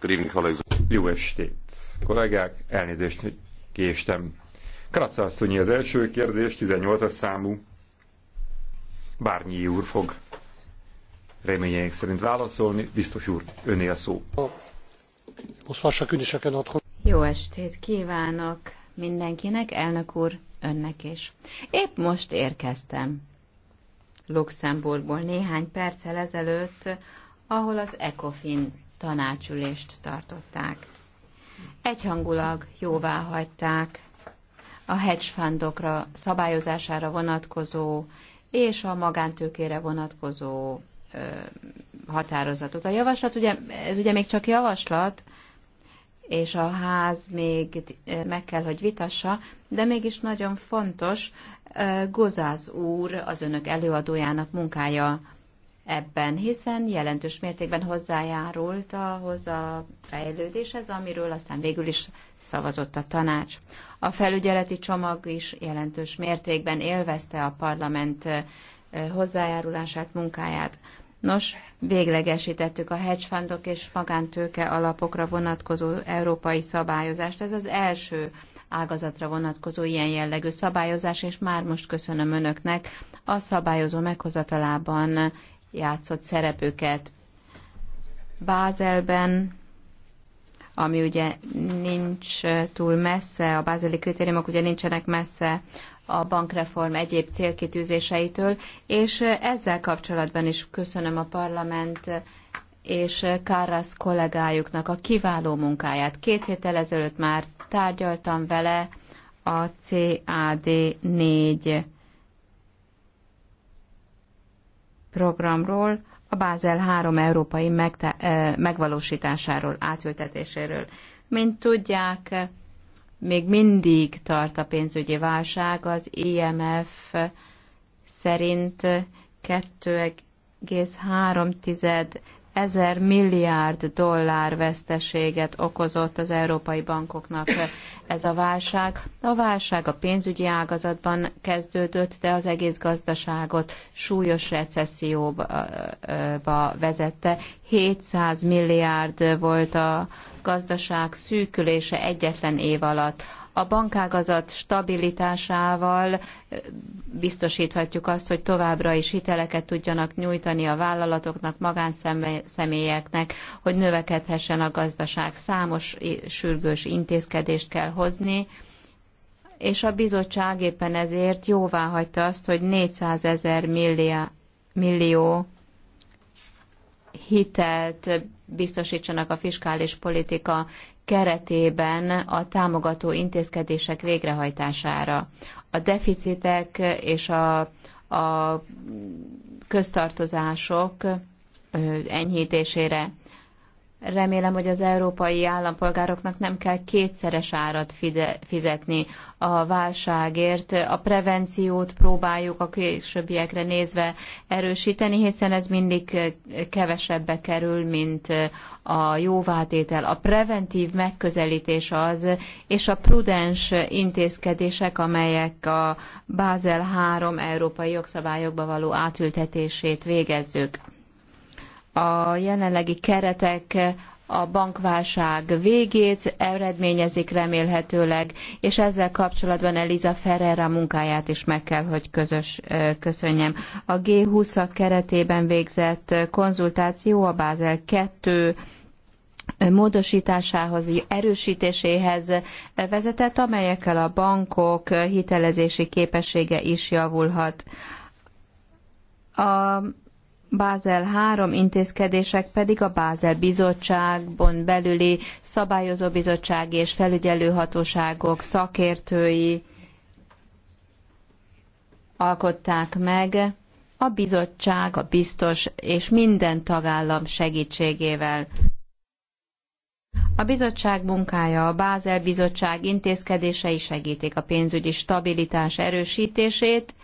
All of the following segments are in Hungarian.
Good evening, colleagues. Jó estét, kollégák, elnézést, hogy késtem. Kratza az első kérdés, 18-as számú. Bárnyi úr fog reményeink szerint válaszolni. Biztos úr, öné a szó. Jó estét kívánok mindenkinek, elnök úr, önnek is. Épp most érkeztem. Luxemburgból néhány perccel ezelőtt, ahol az ECOFIN tanácsülést tartották. Egyhangulag jóvá hagyták a hedge fundokra szabályozására vonatkozó és a magántőkére vonatkozó ö, határozatot. A javaslat, ugye, ez ugye még csak javaslat, és a ház még meg kell, hogy vitassa, de mégis nagyon fontos, Gozáz úr, az önök előadójának munkája ebben, hiszen jelentős mértékben hozzájárult ahhoz a fejlődéshez, amiről aztán végül is szavazott a tanács. A felügyeleti csomag is jelentős mértékben élvezte a parlament hozzájárulását, munkáját. Nos, véglegesítettük a hedge fundok és magántőke alapokra vonatkozó európai szabályozást. Ez az első ágazatra vonatkozó ilyen jellegű szabályozás, és már most köszönöm önöknek a szabályozó meghozatalában játszott szerepüket. Bázelben, ami ugye nincs túl messze, a bázeli kritériumok ugye nincsenek messze a bankreform egyéb célkitűzéseitől, és ezzel kapcsolatban is köszönöm a parlament és Kárasz kollégájuknak a kiváló munkáját. Két héttel ezelőtt már tárgyaltam vele a CAD 4 programról, a Bázel 3 európai megvalósításáról, átültetéséről. Mint tudják, még mindig tart a pénzügyi válság, az IMF szerint 2,3 ezer milliárd dollár veszteséget okozott az európai bankoknak ez a válság. A válság a pénzügyi ágazatban kezdődött, de az egész gazdaságot súlyos recesszióba vezette. 700 milliárd volt a gazdaság szűkülése egyetlen év alatt a bankágazat stabilitásával biztosíthatjuk azt, hogy továbbra is hiteleket tudjanak nyújtani a vállalatoknak, magánszemélyeknek, hogy növekedhessen a gazdaság. Számos sürgős intézkedést kell hozni, és a bizottság éppen ezért jóvá hagyta azt, hogy 400 ezer millió hitelt biztosítsanak a fiskális politika keretében a támogató intézkedések végrehajtására. A deficitek és a, a köztartozások enyhítésére. Remélem, hogy az európai állampolgároknak nem kell kétszeres árat fizetni a válságért. A prevenciót próbáljuk a későbbiekre nézve erősíteni, hiszen ez mindig kevesebbe kerül, mint a jóvátétel. A preventív megközelítés az, és a prudens intézkedések, amelyek a Bázel 3 európai jogszabályokba való átültetését végezzük. A jelenlegi keretek a bankválság végét eredményezik remélhetőleg, és ezzel kapcsolatban Eliza Ferreira munkáját is meg kell, hogy közös, köszönjem. A G20-ak keretében végzett konzultáció a Bázel 2 módosításához, erősítéséhez vezetett, amelyekkel a bankok hitelezési képessége is javulhat. A Bázel 3 intézkedések pedig a Bázel bizottságban belüli szabályozó bizottság és felügyelőhatóságok szakértői alkották meg a bizottság, a biztos és minden tagállam segítségével. A bizottság munkája, a Bázel bizottság intézkedései segítik a pénzügyi stabilitás erősítését,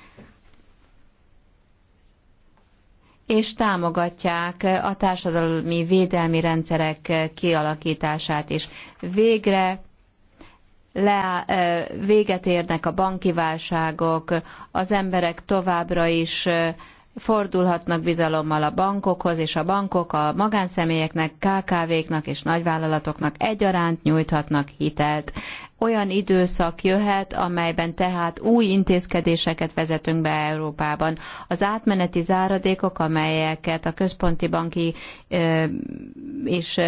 és támogatják a társadalmi védelmi rendszerek kialakítását is. Végre le, véget érnek a banki válságok, az emberek továbbra is fordulhatnak bizalommal a bankokhoz, és a bankok a magánszemélyeknek, KKV-knak és nagyvállalatoknak egyaránt nyújthatnak hitelt olyan időszak jöhet, amelyben tehát új intézkedéseket vezetünk be Európában. Az átmeneti záradékok, amelyeket a központi banki és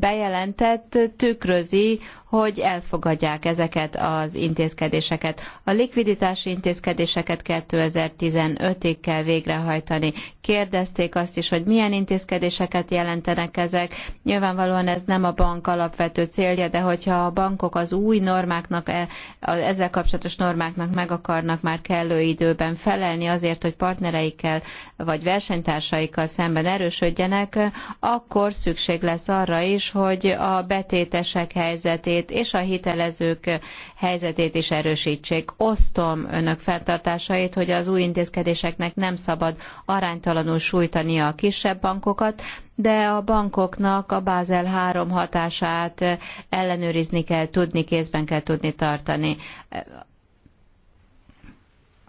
bejelentett, tükrözi hogy elfogadják ezeket az intézkedéseket. A likviditási intézkedéseket 2015-ig kell végrehajtani. Kérdezték azt is, hogy milyen intézkedéseket jelentenek ezek. Nyilvánvalóan ez nem a bank alapvető célja, de hogyha a bankok az új normáknak, e, ezzel kapcsolatos normáknak meg akarnak már kellő időben felelni azért, hogy partnereikkel vagy versenytársaikkal szemben erősödjenek, akkor szükség lesz arra is, hogy a betétesek helyzetét helyzetét és a hitelezők helyzetét is erősítsék. Osztom önök fenntartásait, hogy az új intézkedéseknek nem szabad aránytalanul sújtania a kisebb bankokat, de a bankoknak a Bázel 3 hatását ellenőrizni kell tudni, kézben kell tudni tartani.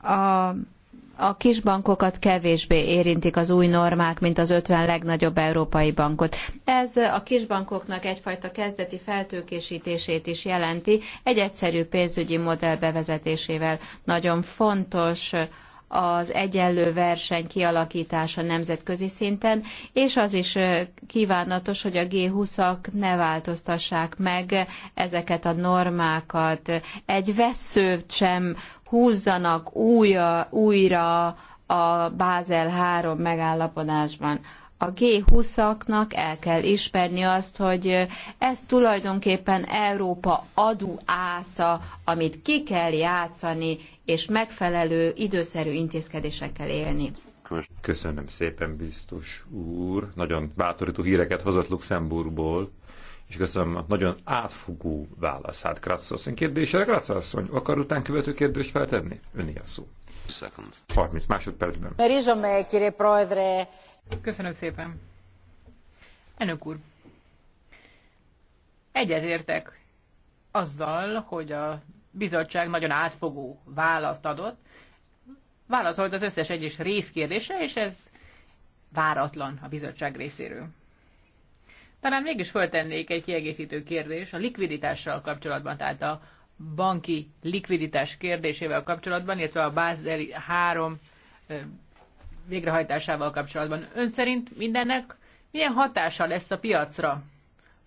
A a kisbankokat kevésbé érintik az új normák, mint az 50 legnagyobb európai bankot. Ez a kisbankoknak egyfajta kezdeti feltőkésítését is jelenti, egy egyszerű pénzügyi modell bevezetésével. Nagyon fontos az egyenlő verseny kialakítása nemzetközi szinten, és az is kívánatos, hogy a G20-ak ne változtassák meg ezeket a normákat. Egy vesszőt sem húzzanak újra, újra a Bázel 3 megállapodásban. A G20-aknak el kell ismerni azt, hogy ez tulajdonképpen Európa adóásza, amit ki kell játszani, és megfelelő időszerű intézkedésekkel élni. Köszönöm szépen, biztos úr. Nagyon bátorító híreket hozott Luxemburgból és köszönöm a nagyon átfogó válaszát Kratzasszony kérdésére. Kratzasszony, akar után követő kérdést feltenni? Öné a szó. 30 másodpercben. Köszönöm szépen. Elnök úr, egyetértek azzal, hogy a bizottság nagyon átfogó választ adott. Válaszolt az összes egyes részkérdése, és ez váratlan a bizottság részéről. Talán mégis föltennék egy kiegészítő kérdés a likviditással kapcsolatban, tehát a banki likviditás kérdésével kapcsolatban, illetve a Basel 3 végrehajtásával kapcsolatban. Ön szerint mindennek milyen hatása lesz a piacra?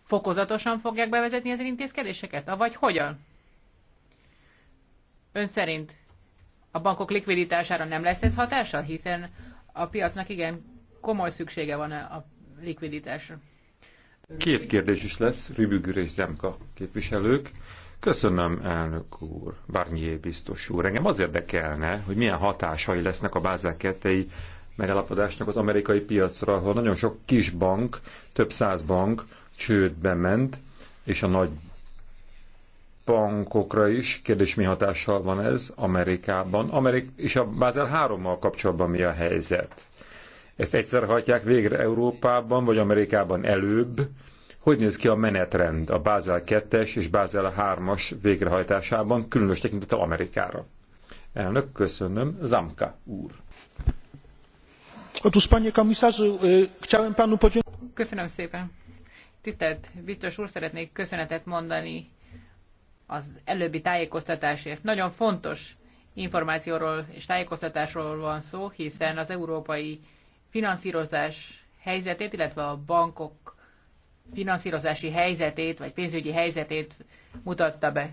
Fokozatosan fogják bevezetni az intézkedéseket? Avagy hogyan? Ön szerint a bankok likviditására nem lesz ez hatása, hiszen a piacnak igen komoly szüksége van a likviditásra. Két kérdés is lesz, Rübügür és Zemka képviselők. Köszönöm, elnök úr, Barnier biztos úr. Engem az érdekelne, hogy milyen hatásai lesznek a Bázel 2 megállapodásnak az amerikai piacra, ahol nagyon sok kis bank, több száz bank csődbe ment, és a nagy bankokra is. Kérdés, mi hatással van ez Amerikában? Amerik és a Bázel 3-mal kapcsolatban mi a helyzet? Ezt egyszer hagyják végre Európában, vagy Amerikában előbb, hogy néz ki a menetrend a Bázel 2-es és Bázel 3-as végrehajtásában, különös tekintettel Amerikára? Elnök, köszönöm. Zamka úr. Otóż, panie komisarzu, chciałem panu Köszönöm szépen. Tisztelt biztos úr, szeretnék köszönetet mondani az előbbi tájékoztatásért. Nagyon fontos információról és tájékoztatásról van szó, hiszen az európai finanszírozás helyzetét, illetve a bankok finanszírozási helyzetét, vagy pénzügyi helyzetét mutatta be.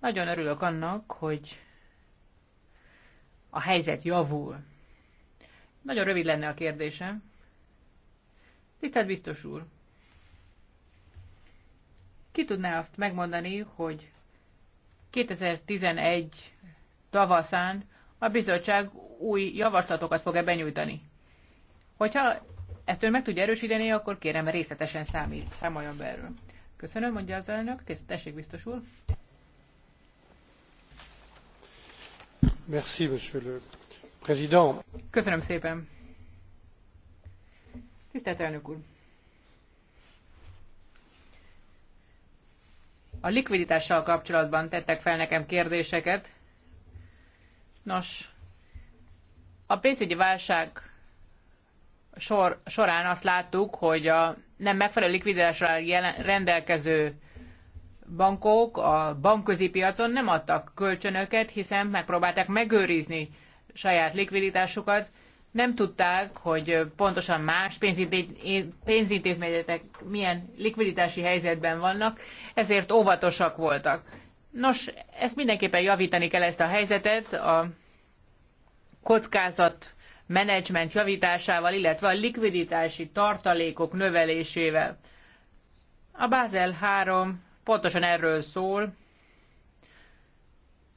Nagyon örülök annak, hogy a helyzet javul. Nagyon rövid lenne a kérdésem. Tisztelt biztos úr, ki tudná azt megmondani, hogy 2011 tavaszán a bizottság új javaslatokat fog-e benyújtani? Hogyha ezt ön meg tudja erősíteni, akkor kérem részletesen számít, számoljon be erről. Köszönöm, mondja az elnök. Tessék, biztos úr. Merci, monsieur le président. Köszönöm szépen. Tisztelt elnök úr. A likviditással kapcsolatban tettek fel nekem kérdéseket. Nos, a pénzügyi válság sor, során azt láttuk, hogy a nem megfelelő likviditásra rendelkező bankok a bankközi piacon nem adtak kölcsönöket, hiszen megpróbálták megőrizni saját likviditásukat, nem tudták, hogy pontosan más pénzintézmények milyen likviditási helyzetben vannak, ezért óvatosak voltak. Nos, ezt mindenképpen javítani kell ezt a helyzetet, a kockázat menedzsment javításával, illetve a likviditási tartalékok növelésével. A Basel 3 pontosan erről szól.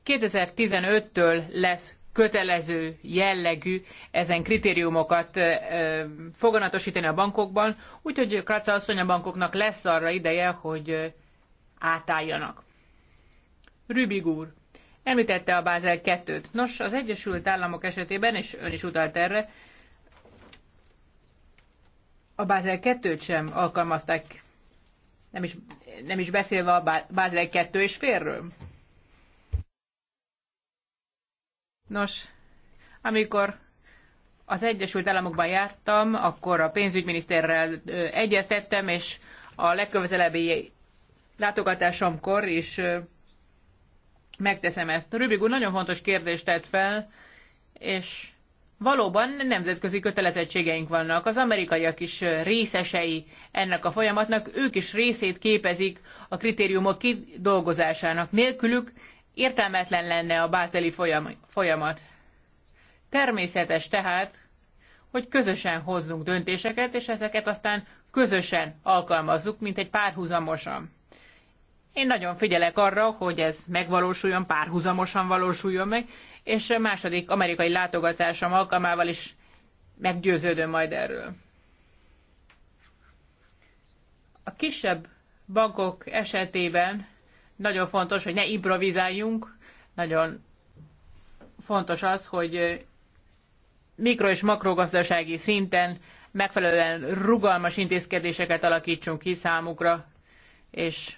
2015-től lesz kötelező jellegű ezen kritériumokat foganatosítani a bankokban, úgyhogy Kratza asszony a bankoknak lesz arra ideje, hogy átálljanak. Rübig úr, Említette a Bázel 2-t. Nos, az Egyesült Államok esetében, és ön is utalt erre, a Bázel 2-t sem alkalmazták, nem is, nem is beszélve a Bázel 2 és félről. Nos, amikor az Egyesült Államokban jártam, akkor a pénzügyminiszterrel egyeztettem, és a legközelebbi látogatásomkor is megteszem ezt. Rübig úr nagyon fontos kérdést tett fel, és valóban nemzetközi kötelezettségeink vannak. Az amerikaiak is részesei ennek a folyamatnak, ők is részét képezik a kritériumok kidolgozásának. Nélkülük értelmetlen lenne a bázeli folyamat. Természetes tehát, hogy közösen hozzunk döntéseket, és ezeket aztán közösen alkalmazzuk, mint egy párhuzamosan. Én nagyon figyelek arra, hogy ez megvalósuljon, párhuzamosan valósuljon meg, és a második amerikai látogatásom alkalmával is meggyőződöm majd erről. A kisebb bankok esetében nagyon fontos, hogy ne improvizáljunk, nagyon fontos az, hogy mikro- és makrogazdasági szinten megfelelően rugalmas intézkedéseket alakítsunk ki számukra, és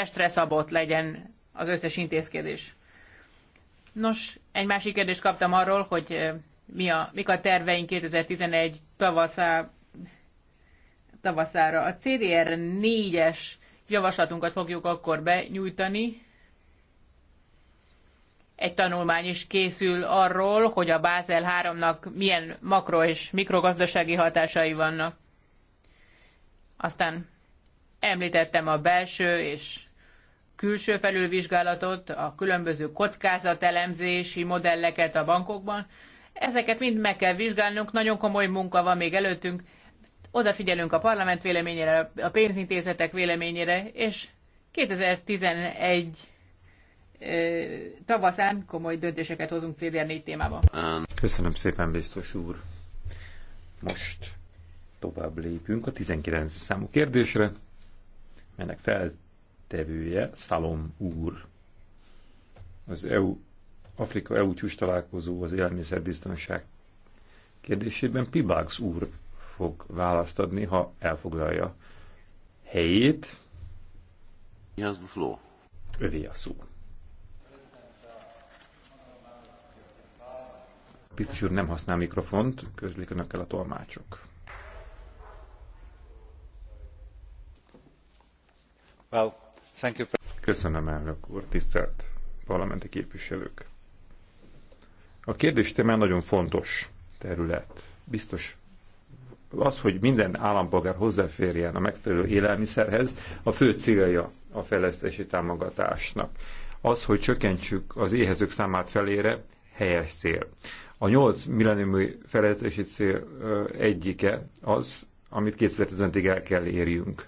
testre szabott legyen az összes intézkedés. Nos, egy másik kérdést kaptam arról, hogy mi a, mik a terveink 2011 tavaszá, tavaszára. A CDR 4-es javaslatunkat fogjuk akkor benyújtani. Egy tanulmány is készül arról, hogy a Bázel 3-nak milyen makro- és mikrogazdasági hatásai vannak. Aztán említettem a belső és külső felülvizsgálatot, a különböző kockázatelemzési modelleket a bankokban. Ezeket mind meg kell vizsgálnunk, nagyon komoly munka van még előttünk. Odafigyelünk a parlament véleményére, a pénzintézetek véleményére, és 2011 tavaszán komoly döntéseket hozunk CDR4 témában. Köszönöm szépen, biztos úr. Most tovább lépünk a 19 számú kérdésre, ennek fel tevője, Szalom úr. Az EU, Afrika EU csúcs találkozó az élelmiszerbiztonság kérdésében Pibax úr fog választ adni, ha elfoglalja helyét. Mi az a floor. Övé a szó. Biztos úr nem használ mikrofont, közlik el a tolmácsok. Well, Köszönöm, elnök úr, tisztelt parlamenti képviselők. A kérdés témán nagyon fontos terület. Biztos az, hogy minden állampolgár hozzáférjen a megfelelő élelmiszerhez, a fő célja a fejlesztési támogatásnak. Az, hogy csökkentsük az éhezők számát felére, helyes cél. A nyolc millenniumi fejlesztési cél egyike az, amit 2015-ig el kell érjünk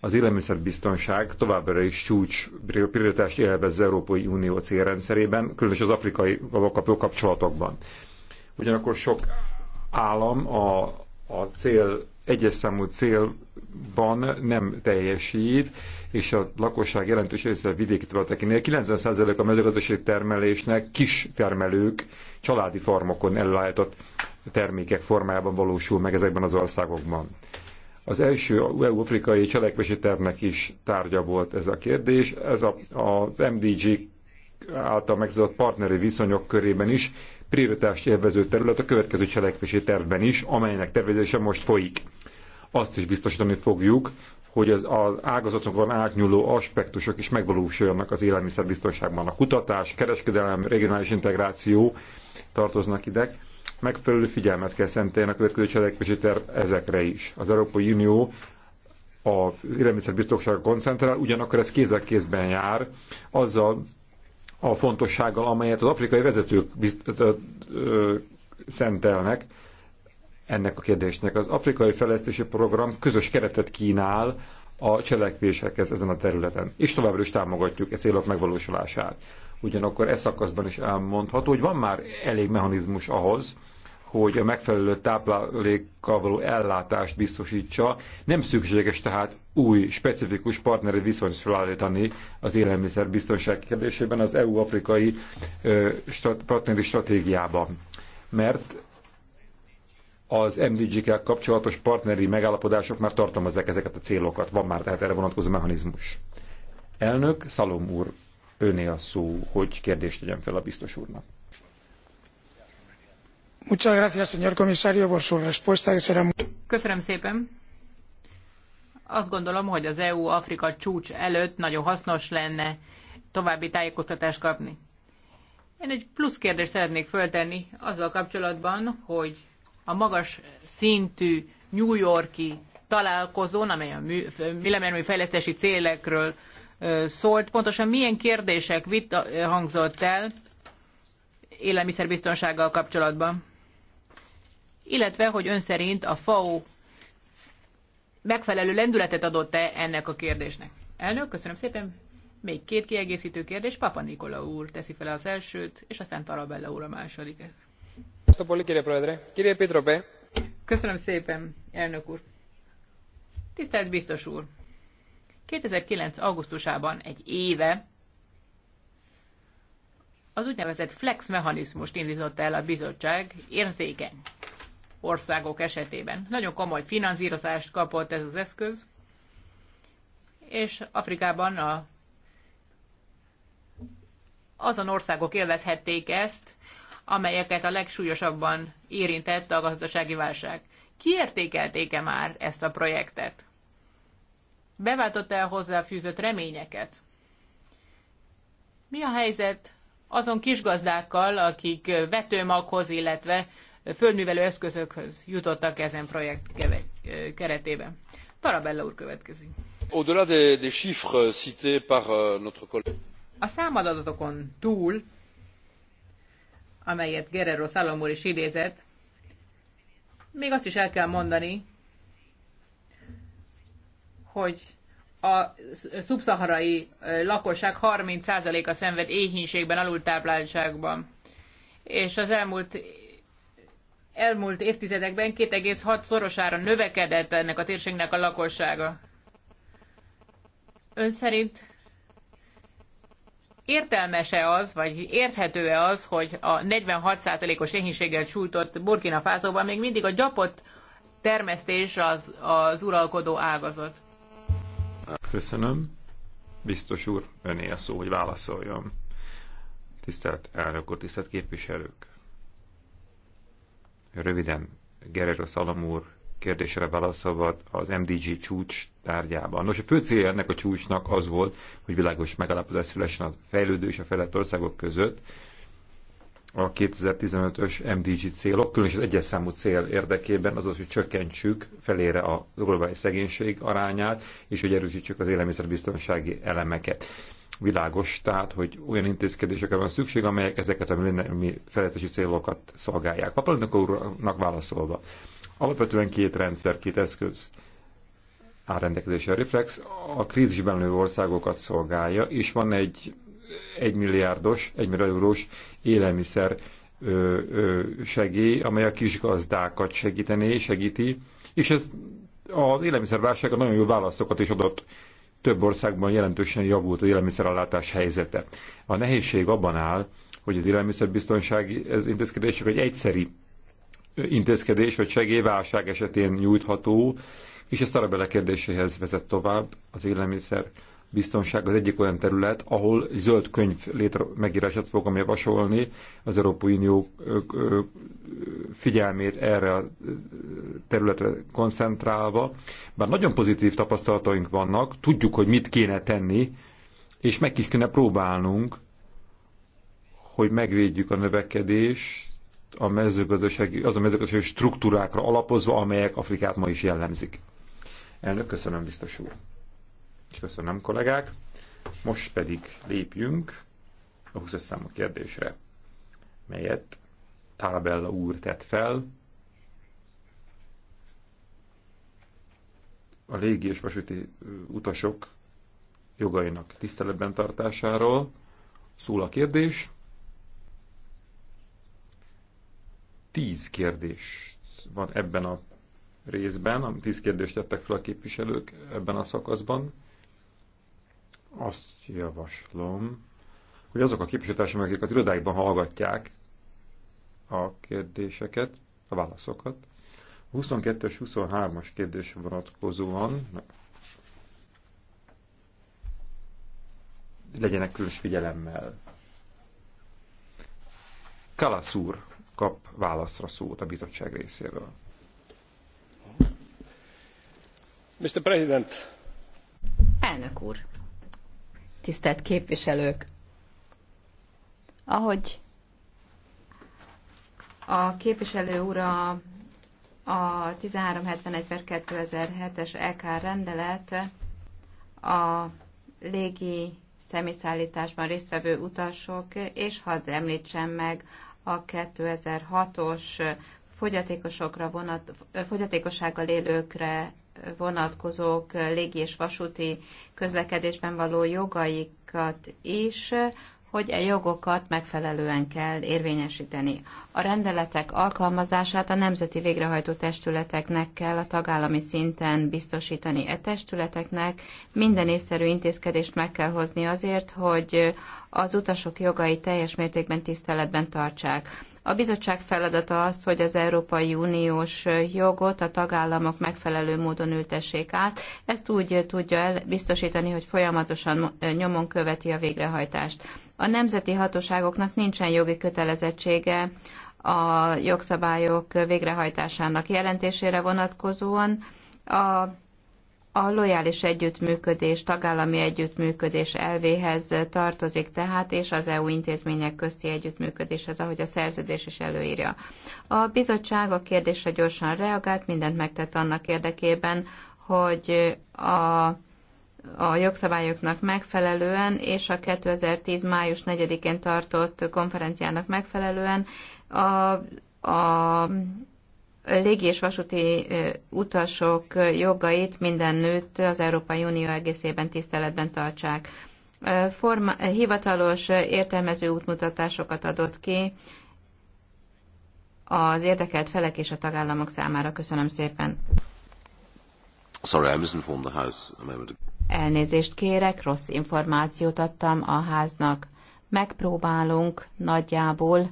az élelmiszerbiztonság továbbra is csúcs prioritást élvez az Európai Unió célrendszerében, különösen az afrikai kapcsolatokban. Ugyanakkor sok állam a, a cél egyes számú célban nem teljesít, és a lakosság jelentős része vidéki területekénél 90% a mezőgazdaság termelésnek kis termelők családi farmokon ellátott termékek formájában valósul meg ezekben az országokban. Az első EU-afrikai cselekvési tervnek is tárgya volt ez a kérdés. Ez a, az MDG által megzadott partneri viszonyok körében is prioritást élvező terület a következő cselekvési tervben is, amelynek tervezése most folyik. Azt is biztosítani fogjuk, hogy az, az ágazatokon átnyúló aspektusok is megvalósuljanak az élelmiszerbiztonságban. A kutatás, kereskedelem, regionális integráció tartoznak ide, megfelelő figyelmet kell szentelni a következő cselekvési terv ezekre is. Az Európai Unió a élelmiszerbiztonságra koncentrál, ugyanakkor ez kéz a kézben jár azzal a fontossággal, amelyet az afrikai vezetők bizt- ö, szentelnek ennek a kérdésnek. Az Afrikai Fejlesztési Program közös keretet kínál a cselekvésekhez ezen a területen, és továbbra is támogatjuk e célok megvalósulását. Ugyanakkor e szakaszban is elmondható, hogy van már elég mechanizmus ahhoz, hogy a megfelelő táplálékkal való ellátást biztosítsa. Nem szükséges tehát új, specifikus partneri viszonyt felállítani az élelmiszer biztonság kérdésében az EU-afrikai strat partneri stratégiában. Mert az MDG-kel kapcsolatos partneri megállapodások már tartalmazzák ezeket a célokat. Van már tehát erre vonatkozó mechanizmus. Elnök Szalom úr öné a szó, hogy kérdést tegyen fel a biztos úrnak. Köszönöm szépen. Azt gondolom, hogy az EU-Afrika csúcs előtt nagyon hasznos lenne további tájékoztatást kapni. Én egy plusz kérdést szeretnék föltenni azzal kapcsolatban, hogy a magas szintű New Yorki találkozón, amely a mű, fejlesztési célekről szólt. Pontosan milyen kérdések vita, hangzott el élelmiszerbiztonsággal kapcsolatban? Illetve, hogy ön szerint a FAO megfelelő lendületet adott-e ennek a kérdésnek? Elnök, köszönöm szépen. Még két kiegészítő kérdés. Papa Nikola úr teszi fel az elsőt, és aztán Tarabella úr a másodiket. Köszönöm szépen, elnök úr. Tisztelt biztos úr! 2009. augusztusában egy éve az úgynevezett flex mechanizmust indította el a bizottság érzékeny országok esetében. Nagyon komoly finanszírozást kapott ez az eszköz, és Afrikában a, azon országok élvezhették ezt, amelyeket a legsúlyosabban érintett a gazdasági válság. Kiértékelték-e már ezt a projektet? beváltotta el hozzáfűzött reményeket. Mi a helyzet azon kisgazdákkal, akik vetőmaghoz, illetve földművelő eszközökhöz jutottak ezen projekt keretében? Tarabella úr következik. Au-delà des, des chiffres cités par euh, notre collègue. A számadatokon túl, amelyet Guerrero Salomor is idézett, még azt is el kell mondani, hogy a szubszaharai lakosság 30%-a szenved éhínségben, alultápláltságban. És az elmúlt elmúlt évtizedekben 2,6 szorosára növekedett ennek a térségnek a lakossága. Ön szerint értelmese az, vagy érthető-e az, hogy a 46%-os éhínséggel sújtott Burkina Fázóban még mindig a gyapott termesztés az, az uralkodó ágazat? Köszönöm. Biztos úr, öné a szó, hogy válaszoljon. Tisztelt elnök úr, tisztelt képviselők. Röviden, Gerero Szalam úr kérdésre válaszolva az MDG csúcs tárgyában. Nos, a fő célja ennek a csúcsnak az volt, hogy világos megállapodás szülessen a fejlődő és a fejlett országok között, a 2015-ös MDG célok, különösen az egyes számú cél érdekében, azaz, hogy csökkentsük felére a globális szegénység arányát, és hogy erősítsük az élelmiszerbiztonsági elemeket. Világos, tehát, hogy olyan intézkedésekre van szükség, amelyek ezeket a mi felettesi célokat szolgálják. A úrnak válaszolva, alapvetően két rendszer, két eszköz áll rendelkezésre. A reflex a krízisben lévő országokat szolgálja, és van egy egymilliárdos, milliárdos, élelmiszer segély, amely a kisgazdákat segítené, segíti, és ez az a nagyon jó válaszokat is adott. Több országban jelentősen javult az élelmiszerallátás helyzete. A nehézség abban áll, hogy az élelmiszerbiztonsági ez intézkedés csak egy egyszeri intézkedés vagy segélyválság esetén nyújtható, és ezt arra bele kérdéséhez vezet tovább az élelmiszer biztonság az egyik olyan terület, ahol zöld könyv létre megírását fogom javasolni az Európai Unió figyelmét erre a területre koncentrálva. Bár nagyon pozitív tapasztalataink vannak, tudjuk, hogy mit kéne tenni, és meg is kéne próbálnunk, hogy megvédjük a növekedést a mezőgazdasági, az a mezőgazdasági struktúrákra alapozva, amelyek Afrikát ma is jellemzik. Elnök, köszönöm, biztos úr köszönöm, kollégák. Most pedig lépjünk a 20 számú kérdésre, melyet Tarabella úr tett fel. A légi és vasúti utasok jogainak tiszteletben tartásáról szól a kérdés. Tíz kérdés van ebben a részben, tíz kérdést tettek fel a képviselők ebben a szakaszban azt javaslom, hogy azok a képviselőtársak, akik az irodáikban hallgatják a kérdéseket, a válaszokat, 22-es, 23-as kérdés vonatkozóan legyenek különös figyelemmel. Kalasz úr kap válaszra szót a bizottság részéről. Mr. President. Elnök úr tisztelt képviselők! Ahogy a képviselő ura a 1371 per 2007-es EK rendelet a légi személyszállításban résztvevő utasok, és hadd említsem meg a 2006-os fogyatékosokra vonat, fogyatékossággal élőkre vonatkozók légi és vasúti közlekedésben való jogaikat is, hogy a e jogokat megfelelően kell érvényesíteni. A rendeletek alkalmazását a nemzeti végrehajtó testületeknek kell a tagállami szinten biztosítani. E testületeknek minden észszerű intézkedést meg kell hozni azért, hogy az utasok jogai teljes mértékben tiszteletben tartsák. A bizottság feladata az, hogy az Európai Uniós jogot a tagállamok megfelelő módon ültessék át. Ezt úgy tudja el biztosítani, hogy folyamatosan nyomon követi a végrehajtást. A nemzeti hatóságoknak nincsen jogi kötelezettsége a jogszabályok végrehajtásának jelentésére vonatkozóan. A a lojális együttműködés, tagállami együttműködés elvéhez tartozik tehát, és az EU intézmények közti együttműködéshez, ahogy a szerződés is előírja. A bizottság a kérdésre gyorsan reagált, mindent megtett annak érdekében, hogy a a jogszabályoknak megfelelően és a 2010. május 4-én tartott konferenciának megfelelően a, a légi és vasúti utasok jogait minden nőt az Európai Unió egészében tiszteletben tartsák. Forma, hivatalos értelmező útmutatásokat adott ki az érdekelt felek és a tagállamok számára. Köszönöm szépen. Sorry, I misinformed the house a moment ago. Elnézést kérek, rossz információt adtam a háznak. Megpróbálunk nagyjából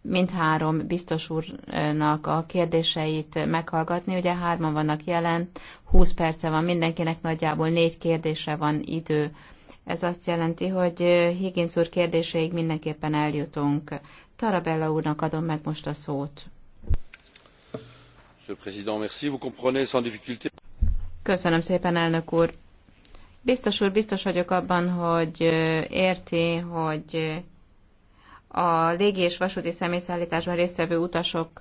mindhárom biztos úrnak a kérdéseit meghallgatni. Ugye hárman vannak jelen, 20 perce van mindenkinek, nagyjából négy kérdésre van idő. Ez azt jelenti, hogy Higgins úr kérdéseig mindenképpen eljutunk. Tarabella úrnak adom meg most a szót. Köszönöm szépen, elnök úr. Biztos úr, biztos vagyok abban, hogy érti, hogy a légi és vasúti személyszállításban résztvevő utasok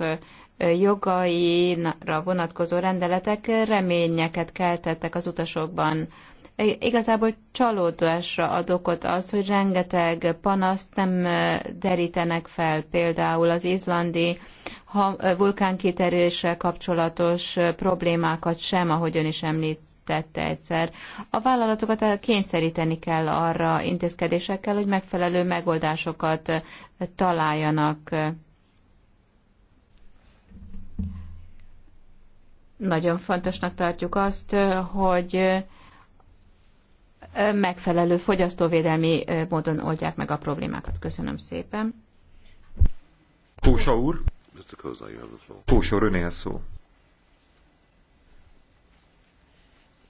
jogaira vonatkozó rendeletek reményeket keltettek az utasokban. Igazából csalódásra ad okot az, hogy rengeteg panaszt nem derítenek fel, például az izlandi vulkánkitöréssel kapcsolatos problémákat sem, ahogy ön is említ, tette egyszer. A vállalatokat kényszeríteni kell arra intézkedésekkel, hogy megfelelő megoldásokat találjanak. Nagyon fontosnak tartjuk azt, hogy megfelelő fogyasztóvédelmi módon oldják meg a problémákat. Köszönöm szépen. Kósa úr. Kósa úr, önél szó.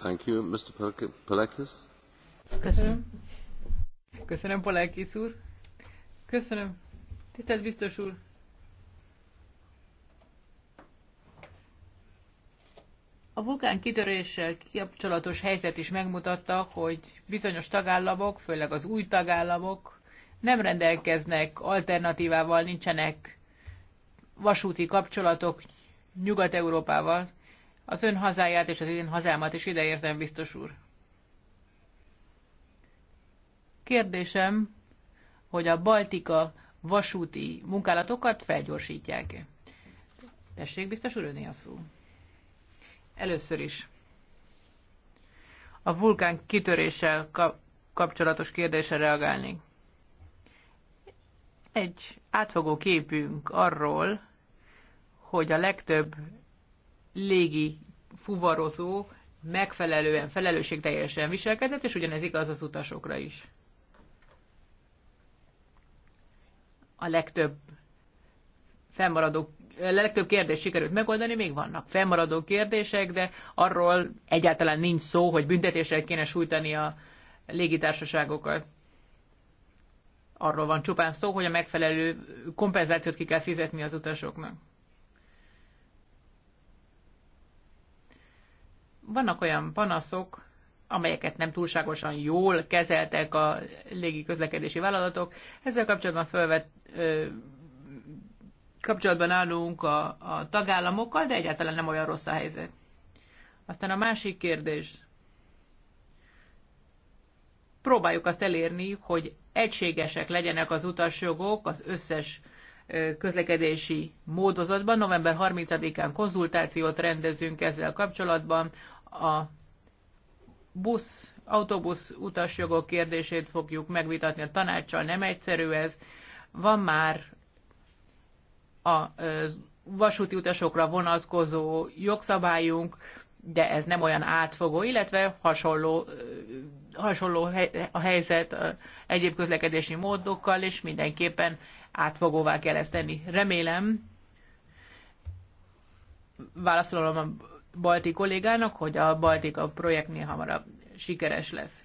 Köszönöm. Köszönöm, úr. Köszönöm. Tisztelt biztos úr. A vulkán kitöréssel kapcsolatos helyzet is megmutatta, hogy bizonyos tagállamok, főleg az új tagállamok nem rendelkeznek alternatívával, nincsenek vasúti kapcsolatok Nyugat-Európával az ön hazáját és az én hazámat is ideértem, biztos úr. Kérdésem, hogy a Baltika vasúti munkálatokat felgyorsítják-e? Tessék, biztos úr, a szó. Először is. A vulkán kitöréssel kapcsolatos kérdésre reagálni Egy átfogó képünk arról, hogy a legtöbb légi fuvarozó megfelelően, felelősségteljesen viselkedett, és ugyanez igaz az utasokra is. A legtöbb fennmaradó a legtöbb kérdést sikerült megoldani, még vannak fennmaradó kérdések, de arról egyáltalán nincs szó, hogy büntetéssel kéne sújtani a légitársaságokat. Arról van csupán szó, hogy a megfelelő kompenzációt ki kell fizetni az utasoknak. Vannak olyan panaszok, amelyeket nem túlságosan jól kezeltek a légi közlekedési vállalatok. Ezzel kapcsolatban felvet, ö, kapcsolatban állunk a, a tagállamokkal, de egyáltalán nem olyan rossz a helyzet. Aztán a másik kérdés. Próbáljuk azt elérni, hogy egységesek legyenek az utasjogok az összes közlekedési módozatban. November 30-án konzultációt rendezünk ezzel kapcsolatban a busz, autóbusz utasjogok kérdését fogjuk megvitatni a tanácssal, nem egyszerű ez. Van már a vasúti utasokra vonatkozó jogszabályunk, de ez nem olyan átfogó, illetve hasonló, hasonló a helyzet egyéb közlekedési módokkal, és mindenképpen átfogóvá kell ezt tenni. Remélem, válaszolom a balti kollégának, hogy a Baltika projekt minél hamarabb sikeres lesz.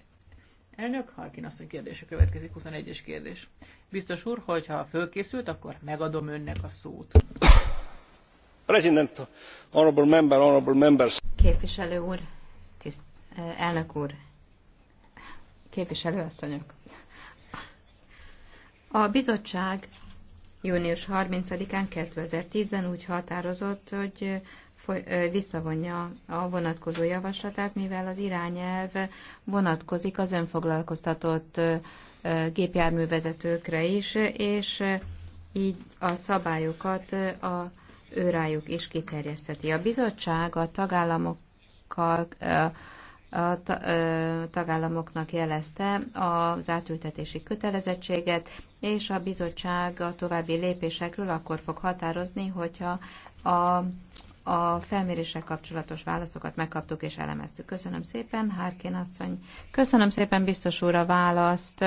Elnök, Harkin asszony kérdése következik, 21-es kérdés. Biztos úr, hogyha fölkészült, akkor megadom önnek a szót. President, honorable member, honorable members. Képviselő úr, tiszt, eh, elnök úr, képviselő asszonyok. A bizottság június 30-án 2010-ben úgy határozott, hogy visszavonja a vonatkozó javaslatát, mivel az irányelv vonatkozik az önfoglalkoztatott gépjárművezetőkre is, és így a szabályokat a őrájuk is kiterjeszteti. A bizottság a tagállamokkal a tagállamoknak jelezte az átültetési kötelezettséget, és a bizottság a további lépésekről akkor fog határozni, hogyha a a felmérések kapcsolatos válaszokat megkaptuk és elemeztük. Köszönöm szépen, Hárkén asszony. Köszönöm szépen, biztos úr, a választ.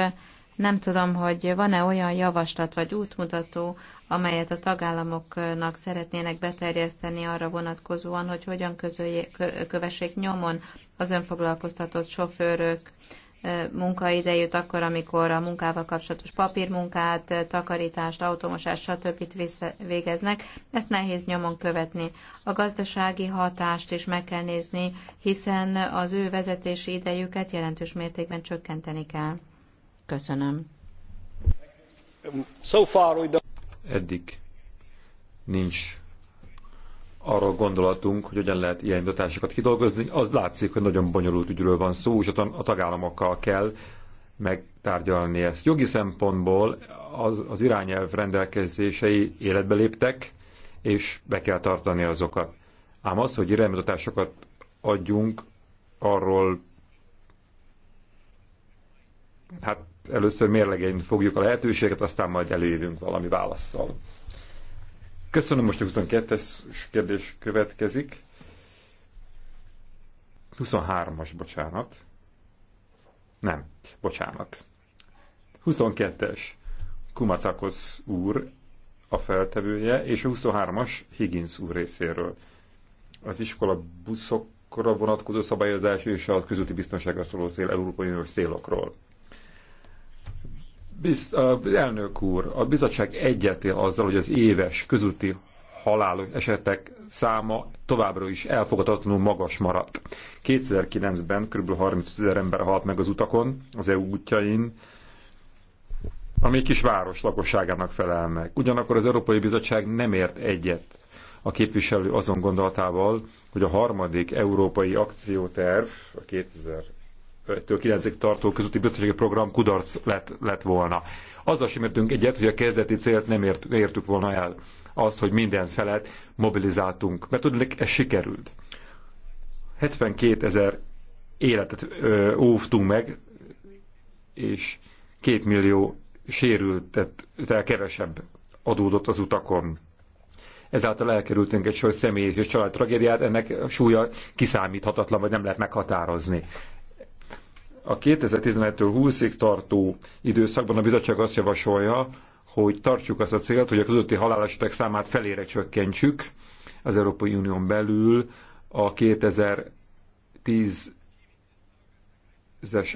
Nem tudom, hogy van-e olyan javaslat vagy útmutató, amelyet a tagállamoknak szeretnének beterjeszteni arra vonatkozóan, hogy hogyan közölje, kövessék nyomon az önfoglalkoztatott sofőrök munkaidejét akkor, amikor a munkával kapcsolatos papírmunkát, takarítást, automosást, stb. végeznek. Ezt nehéz nyomon követni. A gazdasági hatást is meg kell nézni, hiszen az ő vezetési idejüket jelentős mértékben csökkenteni kell. Köszönöm. So far Eddig nincs arról gondolatunk, hogy hogyan lehet ilyen dotásokat kidolgozni, az látszik, hogy nagyon bonyolult ügyről van szó, és a tagállamokkal kell megtárgyalni ezt. Jogi szempontból az, az irányelv rendelkezései életbe léptek, és be kell tartani azokat. Ám az, hogy irányadatásokat adjunk, arról hát először mérlegén fogjuk a lehetőséget, aztán majd előjövünk valami válaszsal. Köszönöm, most a 22-es kérdés következik. 23-as, bocsánat. Nem, bocsánat. 22-es Kumacakos úr a feltevője, és a 23-as Higgins úr részéről. Az iskola buszokra vonatkozó szabályozás és a közúti biztonságra szóló szél, Európai Uniós Biz, a elnök úr, a bizottság egyetél azzal, hogy az éves közúti halálos esetek száma továbbra is elfogadhatatlanul magas maradt. 2009-ben kb. 30 ezer ember halt meg az utakon, az EU útjain, ami egy kis város lakosságának felel meg. Ugyanakkor az Európai Bizottság nem ért egyet a képviselő azon gondolatával, hogy a harmadik európai akcióterv, a 2000 től 9 tartó közötti biztonsági program kudarc lett, lett volna. Azzal sem értünk egyet, hogy a kezdeti célt nem ért, értük volna el. Azt, hogy minden felett mobilizáltunk. Mert tudnék, ez sikerült. 72 ezer életet ö, óvtunk meg, és két millió sérültet tehát kevesebb adódott az utakon. Ezáltal elkerültünk egy sor személy és család tragédiát, ennek súlya kiszámíthatatlan, vagy nem lehet meghatározni. A 2011-től 20-ig tartó időszakban a bizottság azt javasolja, hogy tartsuk azt a célt, hogy a közötti halálesetek számát felére csökkentsük az Európai Unión belül a 2010-es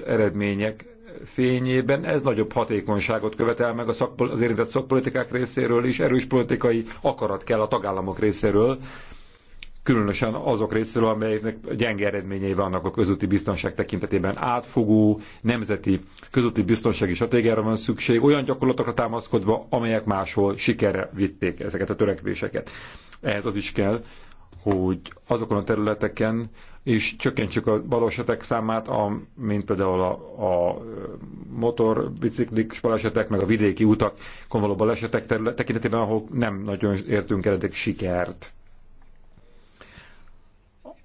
eredmények fényében. Ez nagyobb hatékonyságot követel meg a szakpol- az érintett szakpolitikák részéről is, erős politikai akarat kell a tagállamok részéről, különösen azok részéről, amelyeknek gyenge eredményei vannak a közúti biztonság tekintetében. Átfogó, nemzeti közúti biztonsági stratégiára van szükség, olyan gyakorlatokra támaszkodva, amelyek máshol sikerre vitték ezeket a törekvéseket. Ehhez az is kell, hogy azokon a területeken és csökkentsük a balesetek számát, a, mint például a, a motorbiciklik balesetek, meg a vidéki utakon való balesetek tekintetében, ahol nem nagyon értünk eredetileg sikert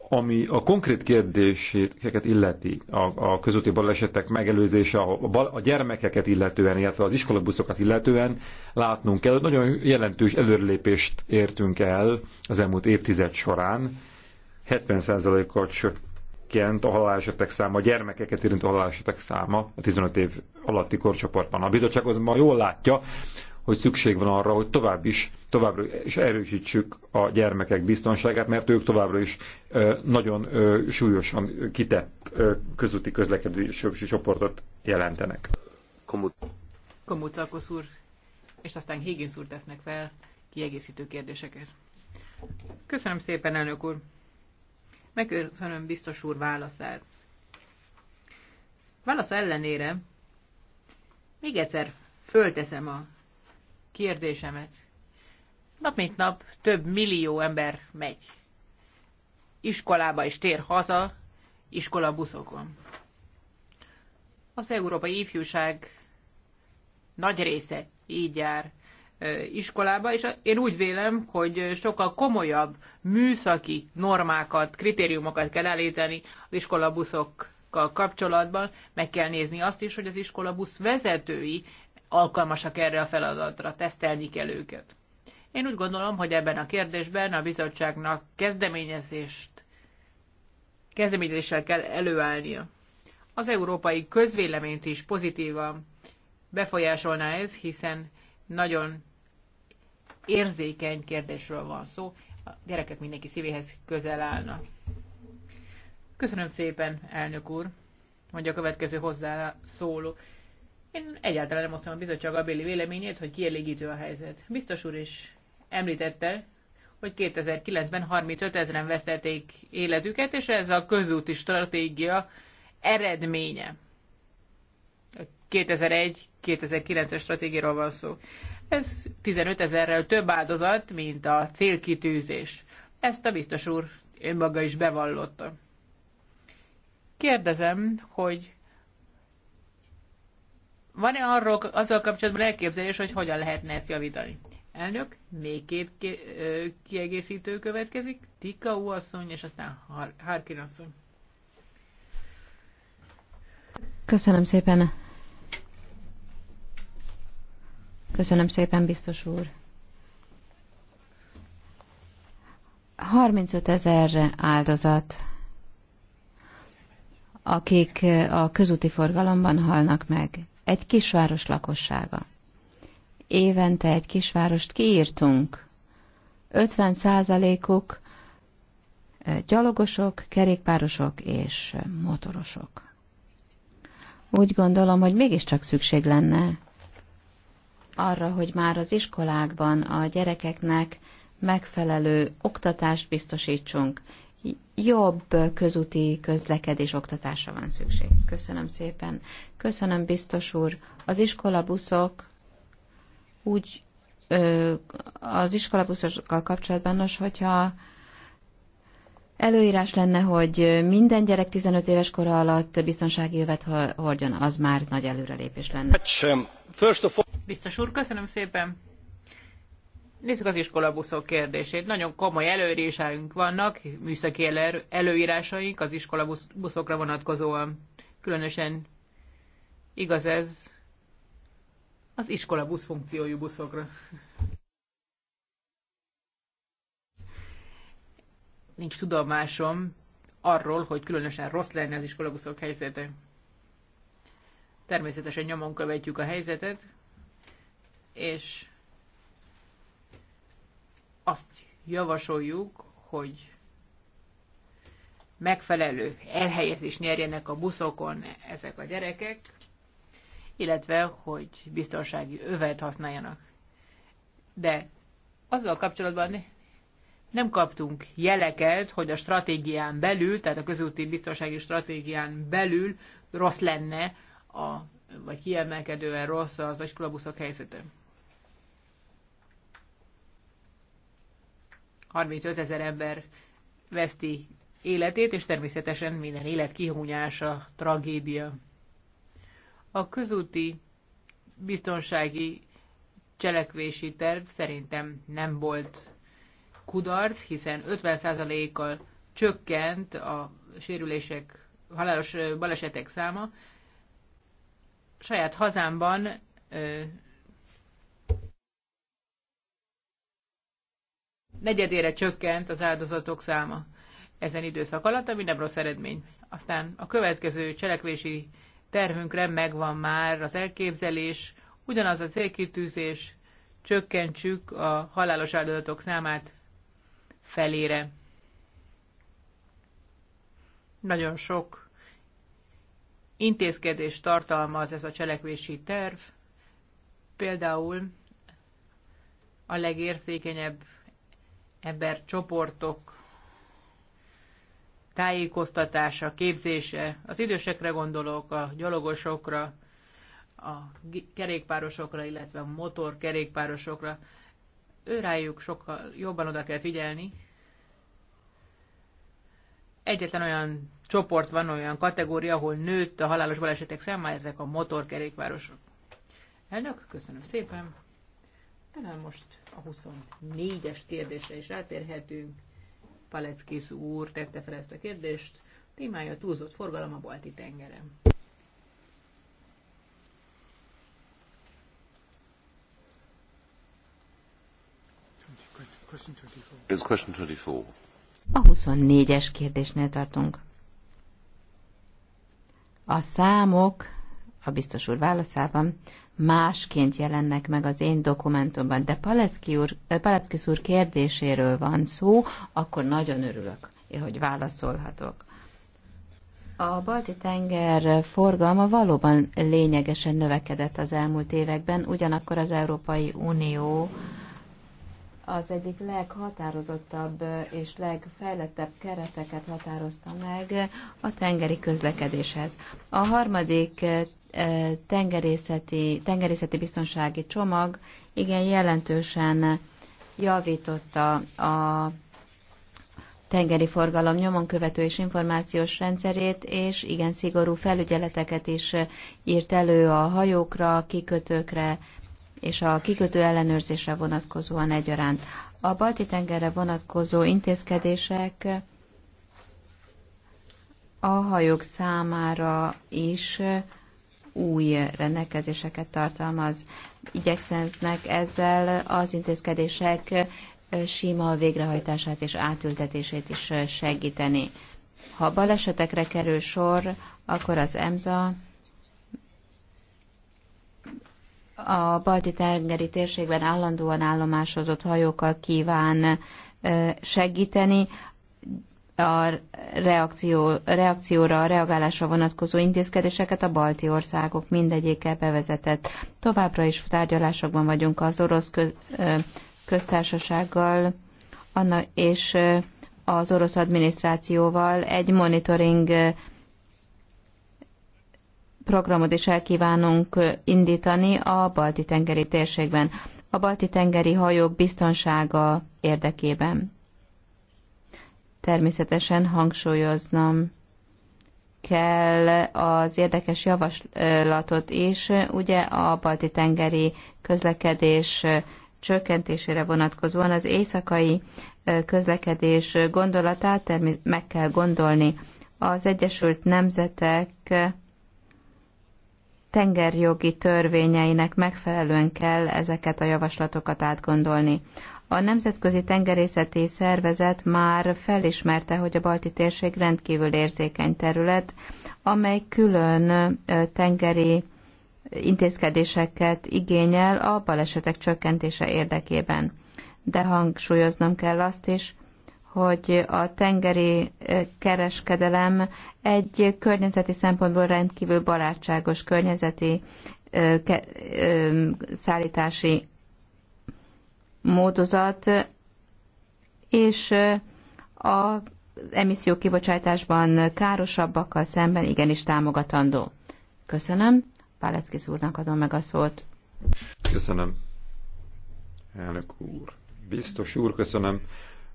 ami a konkrét kérdéseket illeti, a, a közötti balesetek megelőzése, a, a, a gyermekeket illetően, illetve az iskolabuszokat illetően látnunk kell, hogy nagyon jelentős előrelépést értünk el az elmúlt évtized során. 70%-kal csökkent a halálesetek száma, a gyermekeket érintő halálesetek száma a 15 év alatti korcsoportban. A bizottság az ma jól látja, hogy szükség van arra, hogy tovább is, továbbra is erősítsük a gyermekek biztonságát, mert ők továbbra is nagyon súlyosan kitett közúti közlekedési csoportot jelentenek. Komut. úr, és aztán Higgins úr tesznek fel kiegészítő kérdéseket. Köszönöm szépen, elnök úr. Megköszönöm biztos úr válaszát. Válasz ellenére még egyszer fölteszem a kérdésemet. Nap mint nap több millió ember megy. Iskolába is tér haza, iskola buszokon. Az európai ifjúság nagy része így jár iskolába, és én úgy vélem, hogy sokkal komolyabb műszaki normákat, kritériumokat kell elíteni az iskolabuszokkal kapcsolatban. Meg kell nézni azt is, hogy az iskolabusz vezetői alkalmasak erre a feladatra, tesztelni kell őket. Én úgy gondolom, hogy ebben a kérdésben a bizottságnak kezdeményezést, kezdeményezéssel kell előállnia. Az európai közvéleményt is pozitívan befolyásolná ez, hiszen nagyon érzékeny kérdésről van szó. A gyerekek mindenki szívéhez közel állnak. Köszönöm szépen, elnök úr, mondja a következő hozzászóló. Én egyáltalán nem osztom a bizottság a béli véleményét, hogy kielégítő a helyzet. Biztos úr is említette, hogy 2009-ben 35 ezeren vesztették életüket, és ez a közúti stratégia eredménye. 2001-2009-es stratégiáról van szó. Ez 15 ezerrel több áldozat, mint a célkitűzés. Ezt a biztos úr önmaga is bevallotta. Kérdezem, hogy van-e arról azzal kapcsolatban elképzelés, hogy hogyan lehetne ezt javítani? Elnök, még két kiegészítő következik, Tika asszony, és aztán Har- Harkin asszony. Köszönöm szépen. Köszönöm szépen, biztos úr. 35 ezer áldozat, akik a közúti forgalomban halnak meg egy kisváros lakossága. Évente egy kisvárost kiírtunk. 50 százalékuk gyalogosok, kerékpárosok és motorosok. Úgy gondolom, hogy mégiscsak szükség lenne arra, hogy már az iskolákban a gyerekeknek megfelelő oktatást biztosítsunk, jobb közúti közlekedés oktatásra van szükség. Köszönöm szépen. Köszönöm, biztos úr. Az iskolabuszok úgy az iskolabuszokkal kapcsolatban, nos, hogyha előírás lenne, hogy minden gyerek 15 éves kora alatt biztonsági jövet hordjon, az már nagy előrelépés lenne. Biztos úr, köszönöm szépen! Nézzük az iskolabuszok kérdését. Nagyon komoly előírásaink vannak, műszaki előírásaink az iskolabuszokra vonatkozóan. Különösen igaz ez az iskolabusz funkciójú buszokra. Nincs tudomásom arról, hogy különösen rossz lenne az iskolabuszok helyzete. Természetesen nyomon követjük a helyzetet, és azt javasoljuk, hogy megfelelő elhelyezés nyerjenek a buszokon ezek a gyerekek, illetve hogy biztonsági övet használjanak. De azzal kapcsolatban nem kaptunk jeleket, hogy a stratégián belül, tehát a közúti biztonsági stratégián belül rossz lenne, a, vagy kiemelkedően rossz az iskolabuszok helyzete. 35 ezer ember veszti életét, és természetesen minden élet kihúnyása tragédia. A közúti biztonsági cselekvési terv szerintem nem volt kudarc, hiszen 50%-kal csökkent a sérülések, halálos balesetek száma. Saját hazámban negyedére csökkent az áldozatok száma ezen időszak alatt, ami nem rossz eredmény. Aztán a következő cselekvési tervünkre megvan már az elképzelés, ugyanaz a célkitűzés, csökkentsük a halálos áldozatok számát felére. Nagyon sok intézkedést tartalmaz ez a cselekvési terv, például a legérzékenyebb embercsoportok tájékoztatása, képzése, az idősekre gondolok, a gyalogosokra, a kerékpárosokra, illetve a motorkerékpárosokra, őrájuk sokkal jobban oda kell figyelni. Egyetlen olyan csoport van, olyan kategória, ahol nőtt a halálos balesetek száma, ezek a motorkerékpárosok. Elnök, köszönöm szépen. Talán most a 24-es kérdésre is rátérhetünk. Paleckész úr tette fel ezt a kérdést. Témája túlzott forgalom a balti tengeren. It's question 24. A 24-es kérdésnél tartunk. A számok, a biztos úr válaszában, másként jelennek meg az én dokumentumban. De Palecki úr, eh, úr kérdéséről van szó, akkor nagyon örülök, hogy válaszolhatok. A balti tenger forgalma valóban lényegesen növekedett az elmúlt években, ugyanakkor az Európai Unió az egyik leghatározottabb eh, és legfejlettebb kereteket határozta meg a tengeri közlekedéshez. A harmadik eh, tengerészeti, tengerészeti biztonsági csomag igen jelentősen javította a tengeri forgalom nyomon követő és információs rendszerét, és igen szigorú felügyeleteket is írt elő a hajókra, a kikötőkre és a kikötő ellenőrzésre vonatkozóan egyaránt. A balti tengerre vonatkozó intézkedések a hajók számára is új rendelkezéseket tartalmaz. Igyekszenek ezzel az intézkedések sima végrehajtását és átültetését is segíteni. Ha balesetekre kerül sor, akkor az emza a balti tengeri térségben állandóan állomásozott hajókkal kíván segíteni, a reakció, reakcióra, a reagálásra vonatkozó intézkedéseket a balti országok mindegyike bevezetett. Továbbra is tárgyalásokban vagyunk az orosz köz, köztársasággal anna, és az orosz adminisztrációval egy monitoring programot is elkívánunk indítani a balti tengeri térségben. A balti tengeri hajók biztonsága érdekében természetesen hangsúlyoznom kell az érdekes javaslatot is, ugye a balti tengeri közlekedés csökkentésére vonatkozóan az éjszakai közlekedés gondolatát meg kell gondolni. Az Egyesült Nemzetek tengerjogi törvényeinek megfelelően kell ezeket a javaslatokat átgondolni. A Nemzetközi Tengerészeti Szervezet már felismerte, hogy a balti térség rendkívül érzékeny terület, amely külön tengeri intézkedéseket igényel a balesetek csökkentése érdekében. De hangsúlyoznom kell azt is, hogy a tengeri kereskedelem egy környezeti szempontból rendkívül barátságos környezeti szállítási módozat, és a emisszió kibocsátásban károsabbakkal szemben igenis támogatandó. Köszönöm. Páleckis úrnak adom meg a szót. Köszönöm. Elnök úr. Biztos úr, köszönöm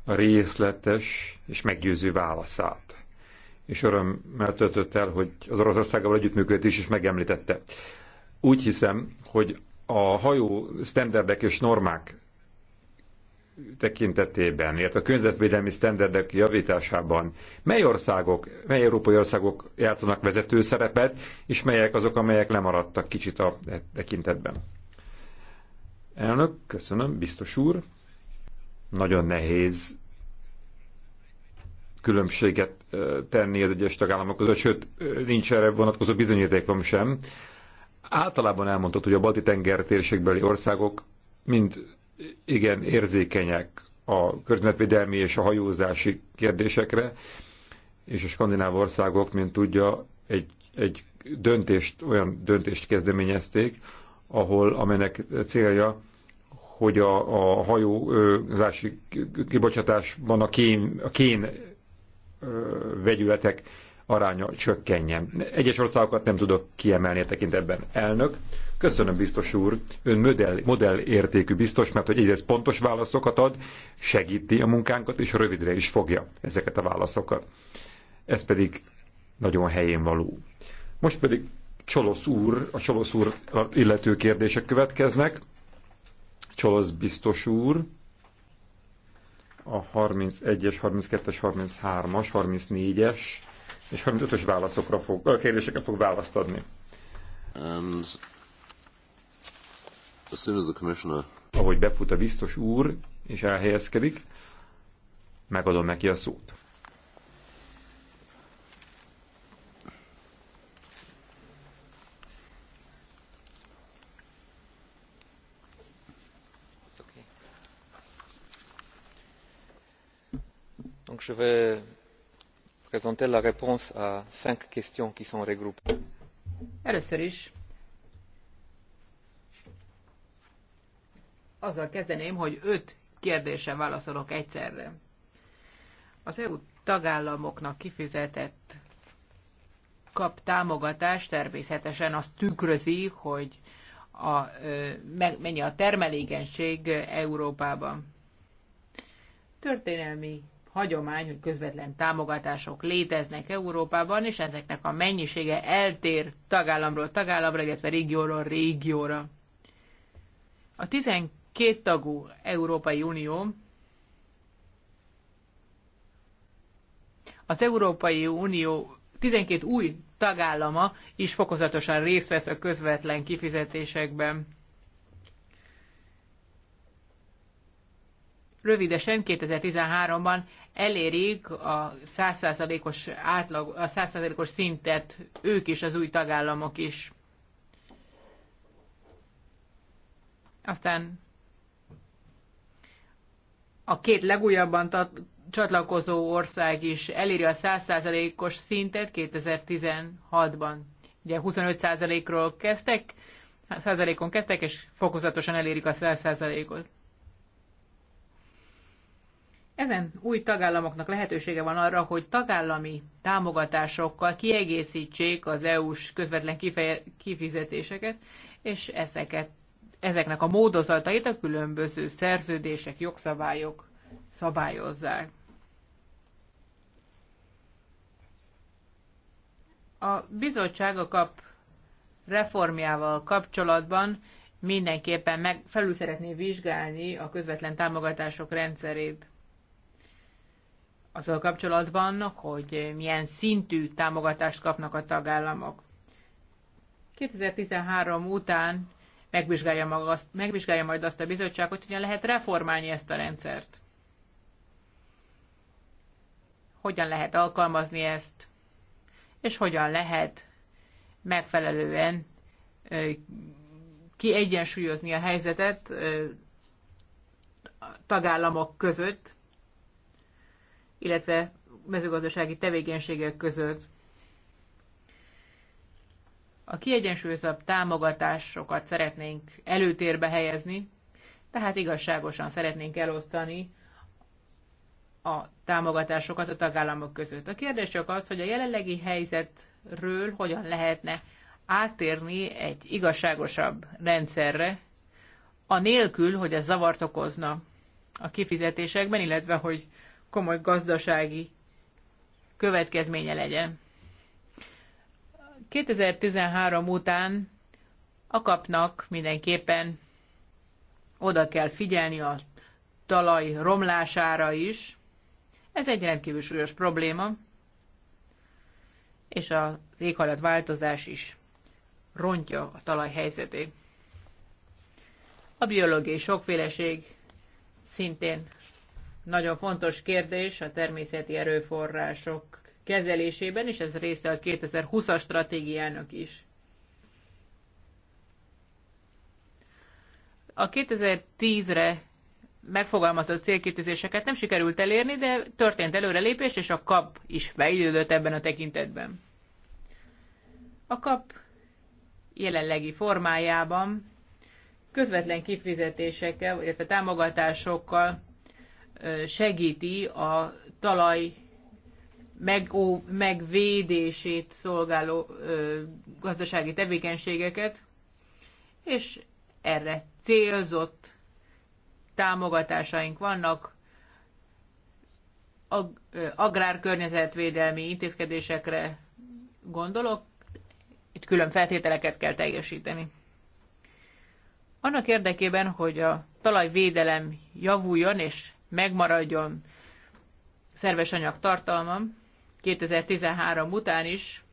a részletes és meggyőző válaszát. És örömmel töltött el, hogy az Oroszországgal együttműködés is megemlítette. Úgy hiszem, hogy a hajó sztenderdek és normák tekintetében, illetve a környezetvédelmi sztenderdek javításában mely országok, mely európai országok játszanak vezető szerepet, és melyek azok, amelyek lemaradtak kicsit a e tekintetben? Elnök, köszönöm, biztos úr. Nagyon nehéz különbséget tenni az egyes tagállamok között, sőt, nincs erre vonatkozó bizonyítékom sem. Általában elmondott, hogy a balti tenger térségbeli országok mind igen érzékenyek a környezetvédelmi és a hajózási kérdésekre, és a skandináv országok, mint tudja, egy, egy döntést, olyan döntést kezdeményezték, ahol, amelynek célja, hogy a, a hajózási kibocsátásban a kén, a kén vegyületek aránya csökkenjen. Egyes országokat nem tudok kiemelni a e tekintetben. Elnök, köszönöm biztos úr, ön modell, modell értékű biztos, mert hogy egyrészt pontos válaszokat ad, segíti a munkánkat, és rövidre is fogja ezeket a válaszokat. Ez pedig nagyon helyén való. Most pedig Csolosz úr, a Csolosz úr illető kérdések következnek. Csolosz biztos úr, a 31-es, 32-es, 33-as, 34-es, és 35-ös válaszokra fog, kérdésekre fog választ adni. And as soon as the commissioner... Ahogy befut a biztos úr, és elhelyezkedik, megadom neki a szót. Donc je vais présenter la réponse à cinq questions qui sont regroupées. Először is azzal kezdeném, hogy öt kérdésre válaszolok egyszerre. Az EU tagállamoknak kifizetett kap támogatás természetesen azt tükrözi, hogy a, mennyi a termelékenység Európában. Történelmi hagyomány, hogy közvetlen támogatások léteznek Európában, és ezeknek a mennyisége eltér tagállamról tagállamra, illetve régióról régióra. A 12 tagú Európai Unió az Európai Unió 12 új tagállama is fokozatosan részt vesz a közvetlen kifizetésekben. Rövidesen 2013-ban elérik a százszázalékos átlag, a százszázalékos szintet ők is, az új tagállamok is. Aztán a két legújabban csatlakozó ország is eléri a 100%-os szintet 2016-ban. Ugye 25%-ról kezdtek, 100%-on kezdtek, és fokozatosan elérik a 100%-ot. Ezen új tagállamoknak lehetősége van arra, hogy tagállami támogatásokkal kiegészítsék az EU-s közvetlen kifizetéseket, és ezeket, ezeknek a módozatait a különböző szerződések, jogszabályok szabályozzák. A bizottság a kap reformjával kapcsolatban mindenképpen meg, felül szeretné vizsgálni a közvetlen támogatások rendszerét azzal kapcsolatban, hogy milyen szintű támogatást kapnak a tagállamok. 2013 után megvizsgálja, maga azt, megvizsgálja majd azt a bizottságot, hogy hogyan lehet reformálni ezt a rendszert. Hogyan lehet alkalmazni ezt, és hogyan lehet megfelelően kiegyensúlyozni a helyzetet a tagállamok között, illetve mezőgazdasági tevékenységek között. A kiegyensúlyozott támogatásokat szeretnénk előtérbe helyezni, tehát igazságosan szeretnénk elosztani a támogatásokat a tagállamok között. A kérdés csak az, hogy a jelenlegi helyzetről hogyan lehetne áttérni egy igazságosabb rendszerre, anélkül, hogy ez zavart okozna a kifizetésekben, illetve hogy komoly gazdasági következménye legyen. 2013 után a kapnak mindenképpen oda kell figyelni a talaj romlására is. Ez egy rendkívül súlyos probléma, és az éghajlatváltozás is rontja a talaj helyzetét. A biológiai sokféleség szintén nagyon fontos kérdés a természeti erőforrások kezelésében, és ez része a 2020-as stratégiának is. A 2010-re megfogalmazott célkítőzéseket nem sikerült elérni, de történt előrelépés, és a kap is fejlődött ebben a tekintetben. A kap jelenlegi formájában közvetlen kifizetésekkel, illetve támogatásokkal segíti a talaj megó, megvédését szolgáló ö, gazdasági tevékenységeket, és erre célzott támogatásaink vannak ag, agrárkörnyezetvédelmi intézkedésekre gondolok, itt külön feltételeket kell teljesíteni. Annak érdekében, hogy a talajvédelem javuljon és megmaradjon szerves anyag tartalma 2013 után is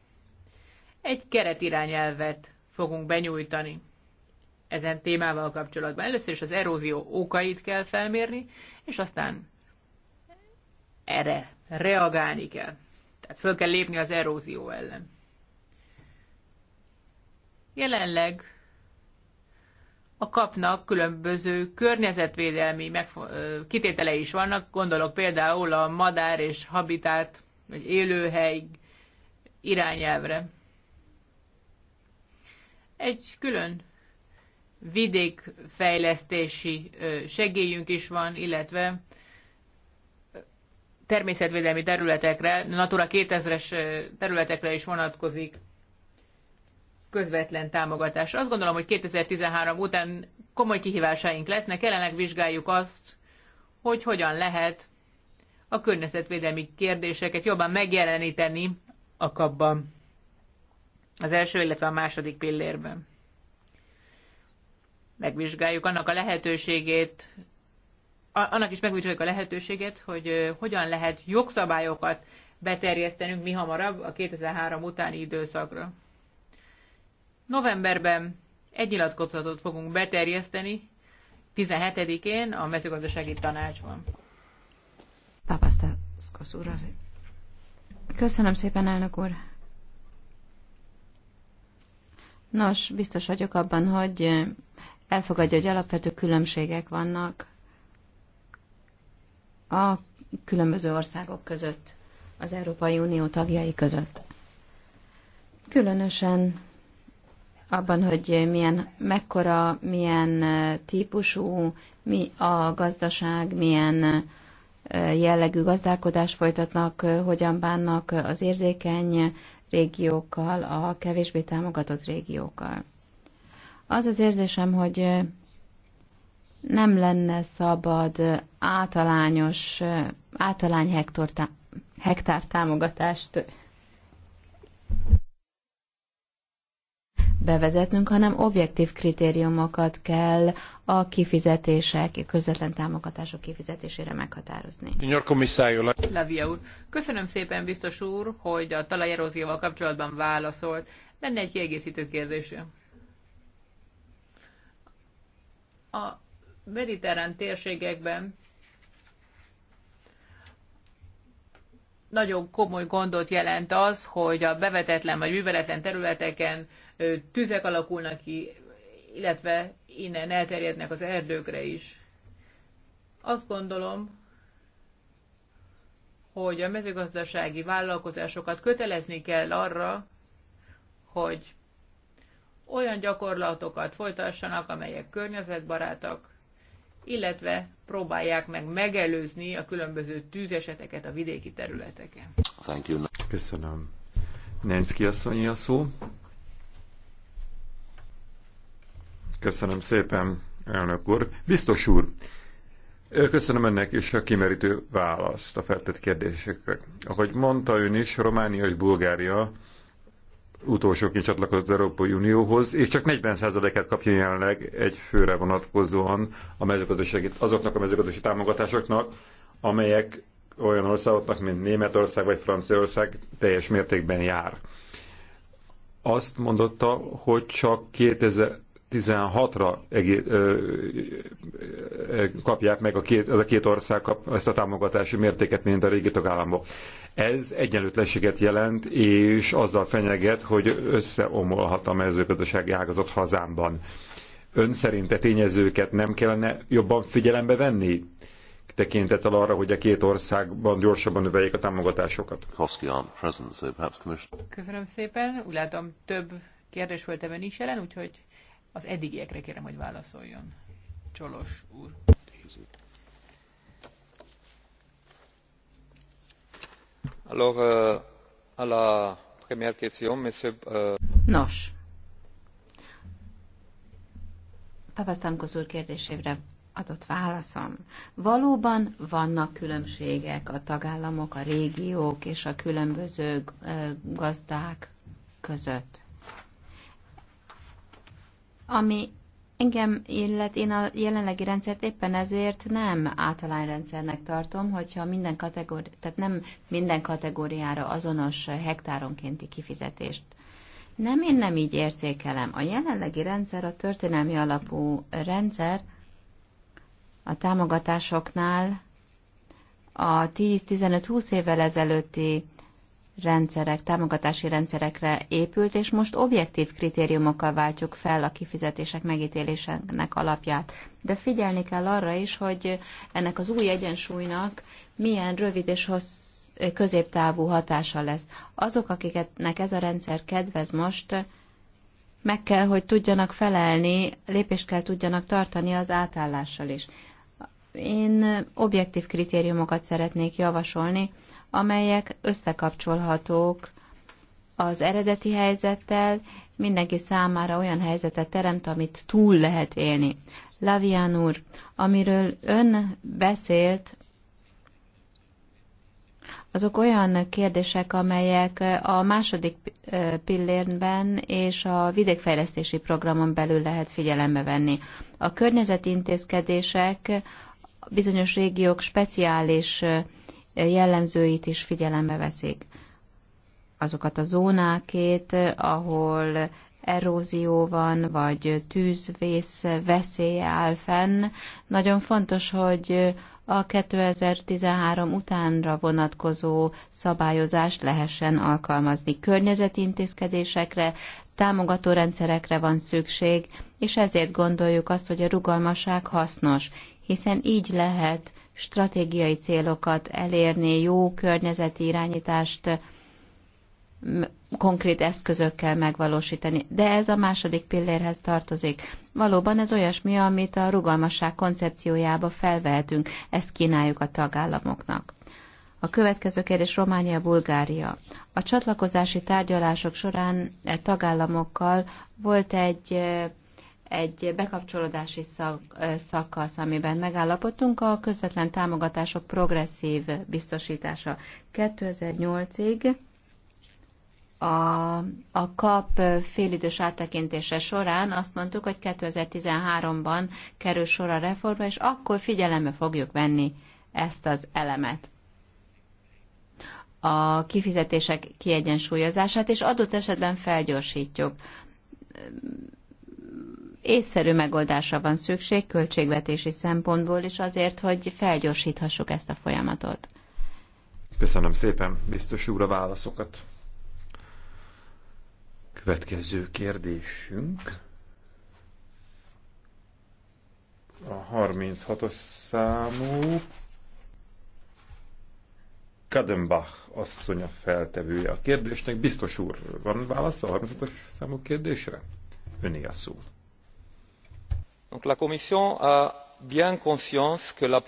egy keretirányelvet fogunk benyújtani ezen témával kapcsolatban. Először is az erózió okait kell felmérni, és aztán erre reagálni kell. Tehát föl kell lépni az erózió ellen. Jelenleg a kapnak különböző környezetvédelmi kitételei is vannak, gondolok például a madár és habitát, vagy élőhely irányelvre. Egy külön vidékfejlesztési segélyünk is van, illetve természetvédelmi területekre, Natura 2000-es területekre is vonatkozik közvetlen támogatás. Azt gondolom, hogy 2013 után komoly kihívásaink lesznek, jelenleg vizsgáljuk azt, hogy hogyan lehet a környezetvédelmi kérdéseket jobban megjeleníteni a kapban. Az első, illetve a második pillérben. Megvizsgáljuk annak a lehetőségét, annak is megvizsgáljuk a lehetőséget, hogy hogyan lehet jogszabályokat beterjesztenünk mi hamarabb a 2003 utáni időszakra. Novemberben egy nyilatkozatot fogunk beterjeszteni, 17-én a mezőgazdasági tanácsban. Papasztászkosz úr. Köszönöm szépen, elnök úr. Nos, biztos vagyok abban, hogy elfogadja, hogy alapvető különbségek vannak a különböző országok között, az Európai Unió tagjai között. Különösen abban, hogy milyen, mekkora, milyen típusú mi a gazdaság, milyen jellegű gazdálkodást folytatnak, hogyan bánnak az érzékeny régiókkal, a kevésbé támogatott régiókkal. Az az érzésem, hogy nem lenne szabad általányos, általány hektár támogatást bevezetnünk, hanem objektív kritériumokat kell a kifizetések, közvetlen támogatások kifizetésére meghatározni. Lavia úr, köszönöm szépen biztos úr, hogy a talajerózióval kapcsolatban válaszolt. Lenne egy kiegészítő kérdésem. A mediterrán térségekben nagyon komoly gondot jelent az, hogy a bevetetlen vagy műveletlen területeken tüzek alakulnak ki, illetve innen elterjednek az erdőkre is. Azt gondolom, hogy a mezőgazdasági vállalkozásokat kötelezni kell arra, hogy olyan gyakorlatokat folytassanak, amelyek környezetbarátak, illetve próbálják meg megelőzni a különböző tűzeseteket a vidéki területeken. Thank you. Köszönöm. Nenszki asszonyi a szó. Köszönöm szépen, elnök úr. Biztos úr, köszönöm önnek is a kimerítő választ a feltett kérdésekre. Ahogy mondta ön is, Románia és Bulgária utolsóként csatlakozott az Európai Unióhoz, és csak 40%-át kapja jelenleg egy főre vonatkozóan a mezőgazdasági, azoknak a mezőgazdasági támogatásoknak, amelyek olyan országoknak, mint Németország vagy Franciaország teljes mértékben jár. Azt mondotta, hogy csak 2000 16-ra kapják meg a két, ez a két ország kap ezt a támogatási mértéket, mint a régi tagállamok. Ez egyenlőtlenséget jelent, és azzal fenyeget, hogy összeomolhat a mezőgazdasági ágazat hazámban. Ön a tényezőket nem kellene jobban figyelembe venni? tekintettel arra, hogy a két országban gyorsabban növeljék a támogatásokat. Köszönöm szépen. Úgy látom, több kérdés volt ebben is jelen, úgyhogy az eddigiekre kérem, hogy válaszoljon. Csolos úr. Alors, euh, à la première question, monsieur... Euh, Nos. Papasztamkoz úr kérdésére adott válaszom. Valóban vannak különbségek a tagállamok, a régiók és a különböző gazdák között. Ami engem illet, én a jelenlegi rendszert éppen ezért nem általányrendszernek tartom, hogyha minden kategóri, tehát nem minden kategóriára azonos hektáronkénti kifizetést nem, én nem így értékelem. A jelenlegi rendszer, a történelmi alapú rendszer a támogatásoknál a 10-15-20 évvel ezelőtti rendszerek, támogatási rendszerekre épült, és most objektív kritériumokkal váltjuk fel a kifizetések megítélésének alapját. De figyelni kell arra is, hogy ennek az új egyensúlynak milyen rövid és hossz, középtávú hatása lesz. Azok, akiknek ez a rendszer kedvez most, meg kell, hogy tudjanak felelni, lépést kell tudjanak tartani az átállással is. Én objektív kritériumokat szeretnék javasolni, amelyek összekapcsolhatók az eredeti helyzettel, mindenki számára olyan helyzetet teremt, amit túl lehet élni. Lavian úr, amiről ön beszélt, azok olyan kérdések, amelyek a második pillérben és a vidékfejlesztési programon belül lehet figyelembe venni. A környezeti intézkedések bizonyos régiók speciális jellemzőit is figyelembe veszik. Azokat a zónákét, ahol erózió van, vagy tűzvész veszélye áll fenn. Nagyon fontos, hogy a 2013 utánra vonatkozó szabályozást lehessen alkalmazni. Környezeti intézkedésekre, támogató rendszerekre van szükség, és ezért gondoljuk azt, hogy a rugalmasság hasznos, hiszen így lehet stratégiai célokat elérni, jó környezeti irányítást konkrét eszközökkel megvalósítani. De ez a második pillérhez tartozik. Valóban ez olyasmi, amit a rugalmasság koncepciójába felvehetünk, ezt kínáljuk a tagállamoknak. A következő kérdés Románia-Bulgária. A csatlakozási tárgyalások során e tagállamokkal volt egy e, egy bekapcsolódási szak, szakasz, amiben megállapodtunk, a közvetlen támogatások progresszív biztosítása 2008-ig a, a kap félidős áttekintése során azt mondtuk, hogy 2013-ban kerül sor a reformra, és akkor figyelembe fogjuk venni ezt az elemet. A kifizetések kiegyensúlyozását, és adott esetben felgyorsítjuk észszerű megoldásra van szükség költségvetési szempontból is azért, hogy felgyorsíthassuk ezt a folyamatot. Köszönöm szépen, biztos úr, a válaszokat. Következő kérdésünk. A 36-os számú Kadenbach asszony a feltevője a kérdésnek. Biztos úr, van válasz a 36-os számú kérdésre? Öné a szó la commission a bien conscience que la...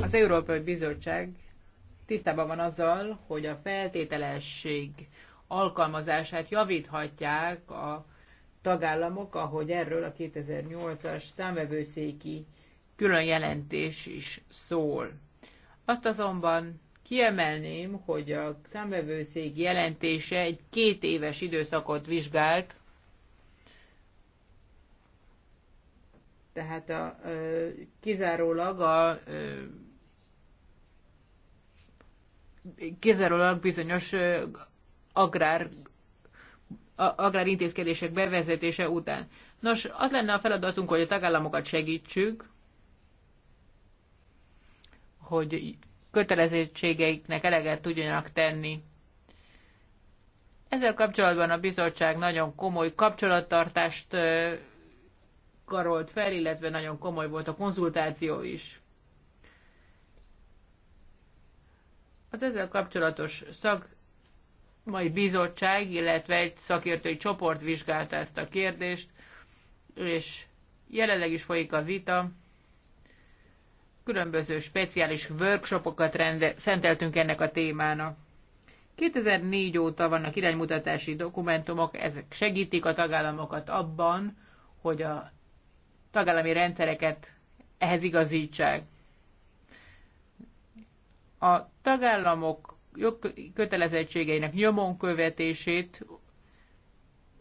Az, Európai Bizottság tisztában van azzal, hogy a feltételesség alkalmazását javíthatják a tagállamok, ahogy erről a 2008-as számvevőszéki külön jelentés is szól. Azt azonban kiemelném, hogy a számvevőszék jelentése egy két éves időszakot vizsgált, Tehát a, kizárólag a kizárólag bizonyos agrár, agrár intézkedések bevezetése után. Nos, az lenne a feladatunk, hogy a tagállamokat segítsük, hogy kötelezettségeiknek eleget tudjanak tenni. Ezzel kapcsolatban a bizottság nagyon komoly kapcsolattartást karolt fel, illetve nagyon komoly volt a konzultáció is. Az ezzel kapcsolatos szak mai bizottság, illetve egy szakértői csoport vizsgálta ezt a kérdést, és jelenleg is folyik a vita. Különböző speciális workshopokat rende, szenteltünk ennek a témának. 2004 óta vannak iránymutatási dokumentumok, ezek segítik a tagállamokat abban, hogy a tagállami rendszereket ehhez igazítsák. A tagállamok kötelezettségeinek nyomon követését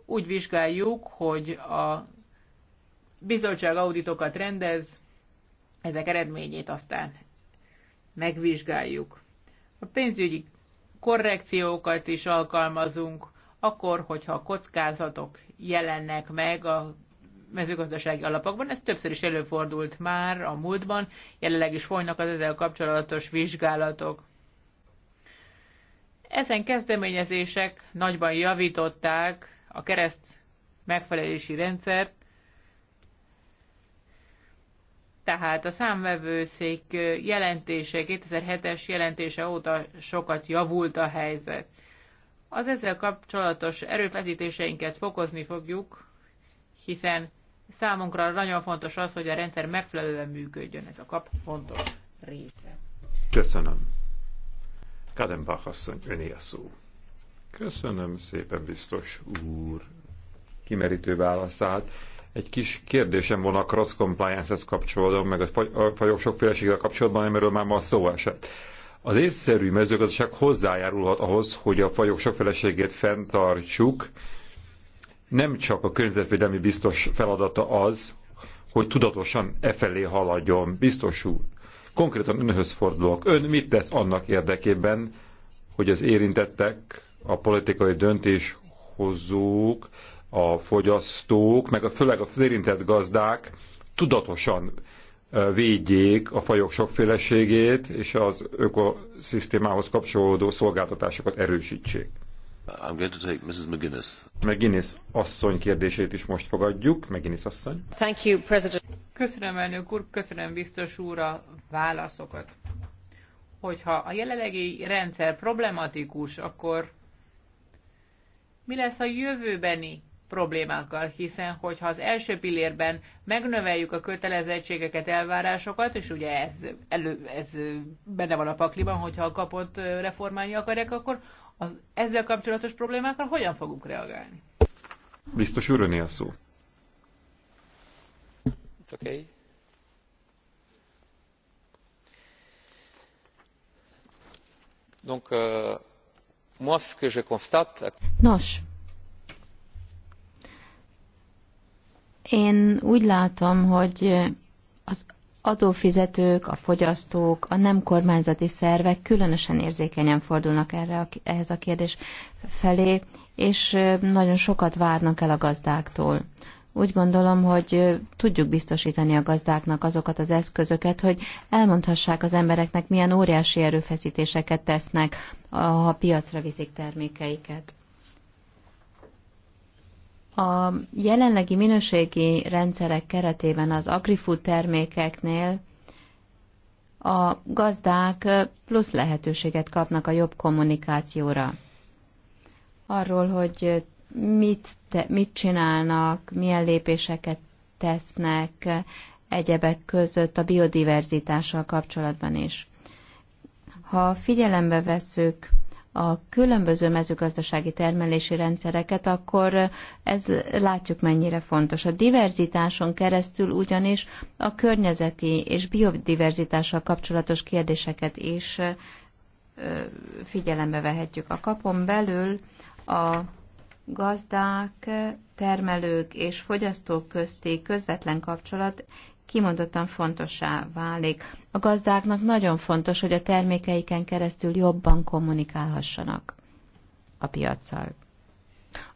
úgy vizsgáljuk, hogy a bizottság auditokat rendez, ezek eredményét aztán megvizsgáljuk. A pénzügyi korrekciókat is alkalmazunk, akkor, hogyha kockázatok jelennek meg a mezőgazdasági alapokban. Ez többször is előfordult már a múltban, jelenleg is folynak az ezzel kapcsolatos vizsgálatok. Ezen kezdeményezések nagyban javították a kereszt megfelelési rendszert, tehát a számvevőszék jelentése, 2007-es jelentése óta sokat javult a helyzet. Az ezzel kapcsolatos erőfeszítéseinket fokozni fogjuk, hiszen Számunkra nagyon fontos az, hogy a rendszer megfelelően működjön. Ez a kap fontos része. Köszönöm. Kadenbach asszony, öné a szó. Köszönöm szépen, biztos úr. Kimerítő válaszát. Egy kis kérdésem volna a cross compliance-hez kapcsolatban, meg a fajok sokféleségével kapcsolatban, amiről már ma szó esett. Az észszerű mezőgazdaság hozzájárulhat ahhoz, hogy a fajok sokféleségét fenntartsuk, nem csak a környezetvédelmi biztos feladata az, hogy tudatosan e felé haladjon, biztos úr. Konkrétan önhöz fordulok. Ön mit tesz annak érdekében, hogy az érintettek, a politikai döntéshozók, a fogyasztók, meg a, főleg az érintett gazdák tudatosan védjék a fajok sokféleségét, és az ökoszisztémához kapcsolódó szolgáltatásokat erősítsék. I'm going to take Mrs. McGuinness. McGuinness asszony kérdését is most fogadjuk. McGuinness asszony. Thank you, President. Köszönöm, elnök úr, köszönöm biztos úr a válaszokat. Hogyha a jelenlegi rendszer problematikus, akkor mi lesz a jövőbeni problémákkal, hiszen hogyha az első pillérben megnöveljük a kötelezettségeket, elvárásokat, és ugye ez, elő, ez benne van a pakliban, hogyha a kapott reformálni akarják, akkor az ezzel kapcsolatos problémákra hogyan fogunk reagálni? Biztos örönél szó. It's okay. Donc, euh, moi, ce que je constate... Nos, én úgy látom, hogy az adófizetők, a fogyasztók, a nem kormányzati szervek különösen érzékenyen fordulnak erre, ehhez a kérdés felé, és nagyon sokat várnak el a gazdáktól. Úgy gondolom, hogy tudjuk biztosítani a gazdáknak azokat az eszközöket, hogy elmondhassák az embereknek, milyen óriási erőfeszítéseket tesznek, ha piacra viszik termékeiket. A jelenlegi minőségi rendszerek keretében az agrifood termékeknél a gazdák plusz lehetőséget kapnak a jobb kommunikációra. Arról, hogy mit, te, mit csinálnak, milyen lépéseket tesznek egyebek között a biodiverzitással kapcsolatban is. Ha figyelembe vesszük a különböző mezőgazdasági termelési rendszereket, akkor ez látjuk mennyire fontos. A diverzitáson keresztül ugyanis a környezeti és biodiverzitással kapcsolatos kérdéseket is figyelembe vehetjük. A kapon belül a gazdák, termelők és fogyasztók közti közvetlen kapcsolat kimondottan fontossá válik. A gazdáknak nagyon fontos, hogy a termékeiken keresztül jobban kommunikálhassanak a piaccal.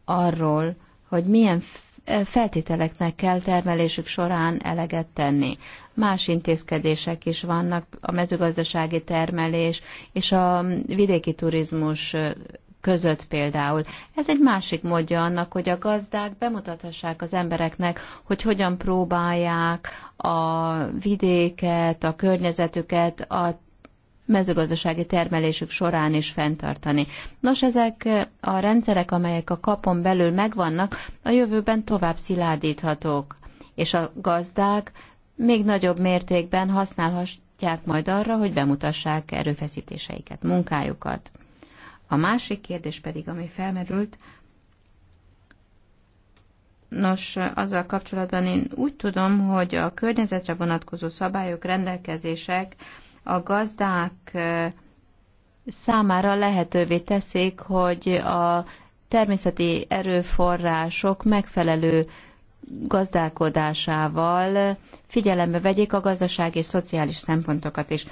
Arról, hogy milyen e, feltételeknek kell termelésük során eleget tenni. Más intézkedések is vannak a mezőgazdasági termelés és a vidéki turizmus között például. Ez egy másik módja annak, hogy a gazdák bemutathassák az embereknek, hogy hogyan próbálják a vidéket, a környezetüket, a mezőgazdasági termelésük során is fenntartani. Nos, ezek a rendszerek, amelyek a kapon belül megvannak, a jövőben tovább szilárdíthatók, és a gazdák még nagyobb mértékben használhatják majd arra, hogy bemutassák erőfeszítéseiket, munkájukat. A másik kérdés pedig, ami felmerült, Nos, azzal kapcsolatban én úgy tudom, hogy a környezetre vonatkozó szabályok, rendelkezések a gazdák számára lehetővé teszik, hogy a természeti erőforrások megfelelő gazdálkodásával figyelembe vegyék a gazdasági és szociális szempontokat is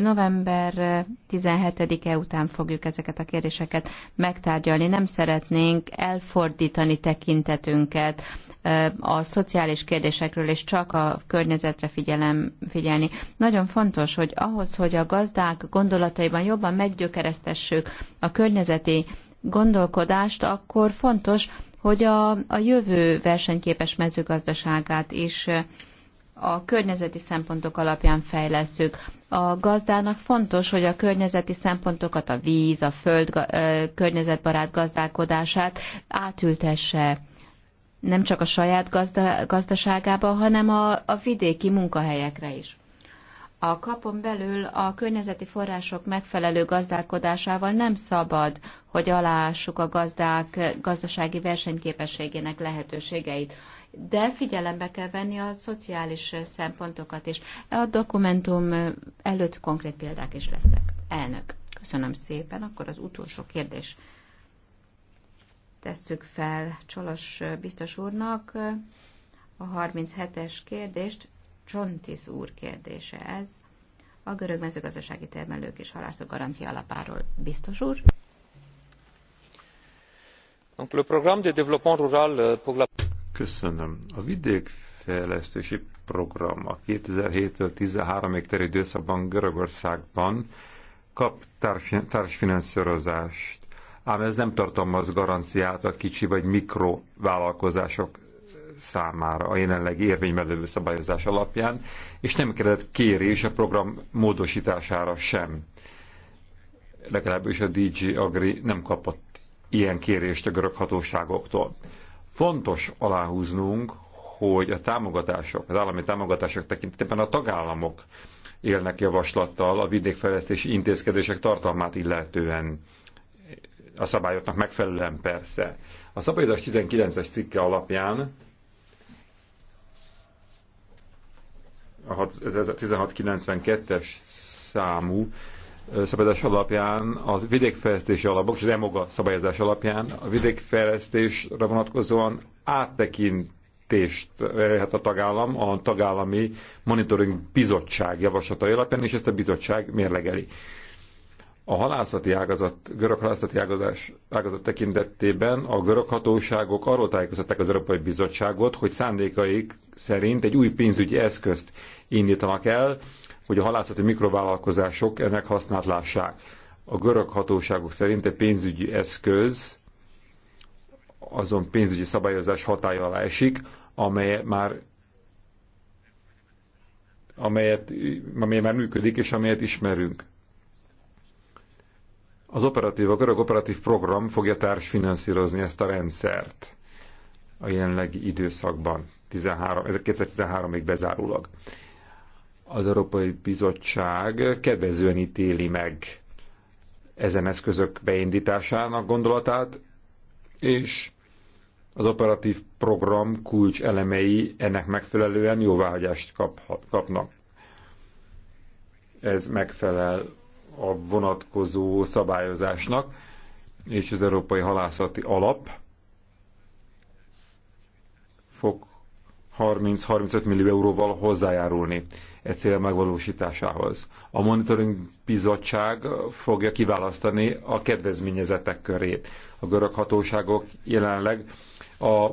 november 17-e után fogjuk ezeket a kérdéseket megtárgyalni. Nem szeretnénk elfordítani tekintetünket a szociális kérdésekről, és csak a környezetre figyelem, figyelni. Nagyon fontos, hogy ahhoz, hogy a gazdák gondolataiban jobban meggyökeresztessük a környezeti gondolkodást, akkor fontos, hogy a, a jövő versenyképes mezőgazdaságát is a környezeti szempontok alapján fejlesztjük. A gazdának fontos, hogy a környezeti szempontokat, a víz, a föld környezetbarát gazdálkodását átültesse nem csak a saját gazda, gazdaságába, hanem a, a vidéki munkahelyekre is. A kapon belül a környezeti források megfelelő gazdálkodásával nem szabad, hogy alássuk a gazdák gazdasági versenyképességének lehetőségeit de figyelembe kell venni a szociális szempontokat is. A dokumentum előtt konkrét példák is lesznek. Elnök, köszönöm szépen. Akkor az utolsó kérdés tesszük fel Csolos biztos úrnak. A 37-es kérdést Csontis úr kérdése ez. A görög mezőgazdasági termelők és halászok garancia alapáról biztos úr. Donc, le programme de développement rural euh, pour la... Köszönöm. A vidékfejlesztési program a 2007-től 13-ig terjedő időszakban Görögországban kap társfinanszírozást, ám ez nem tartalmaz garanciát a kicsi vagy mikrovállalkozások számára a jelenlegi érvényben lévő szabályozás alapján, és nem kellett kérés a program módosítására sem. Legalábbis a DG Agri nem kapott ilyen kérést a görög hatóságoktól. Fontos aláhúznunk, hogy a támogatások, az állami támogatások tekintetében a tagállamok élnek javaslattal a vidékfejlesztési intézkedések tartalmát illetően a szabályoknak megfelelően persze. A szabályozás 19-es cikke alapján a 1692-es számú szabályozás alapján, az vidékfejlesztési alapok és az EMOGA szabályozás alapján a vidékfejlesztésre vonatkozóan áttekintést verhet a tagállam a tagállami monitoring bizottság javaslatai alapján, és ezt a bizottság mérlegeli. A halászati ágazat, görög halászati ágazás, ágazat tekintetében a görög hatóságok arról tájékoztatták az Európai Bizottságot, hogy szándékaik szerint egy új pénzügyi eszközt indítanak el, hogy a halászati mikrovállalkozások ennek hasznát lássák. A görög hatóságok szerint egy pénzügyi eszköz azon pénzügyi szabályozás hatája alá esik, amely már amelyet, amely már működik és amelyet ismerünk. Az operatív, a görög operatív program fogja társfinanszírozni ezt a rendszert a jelenlegi időszakban, 13, 2013-ig bezárólag az Európai Bizottság kedvezően ítéli meg ezen eszközök beindításának gondolatát, és az operatív program kulcs elemei ennek megfelelően jóváhagyást kapnak. Ez megfelel a vonatkozó szabályozásnak, és az Európai Halászati Alap fog 30-35 millió euróval hozzájárulni e cél megvalósításához. A Monitoring Bizottság fogja kiválasztani a kedvezményezetek körét. A görög hatóságok jelenleg a,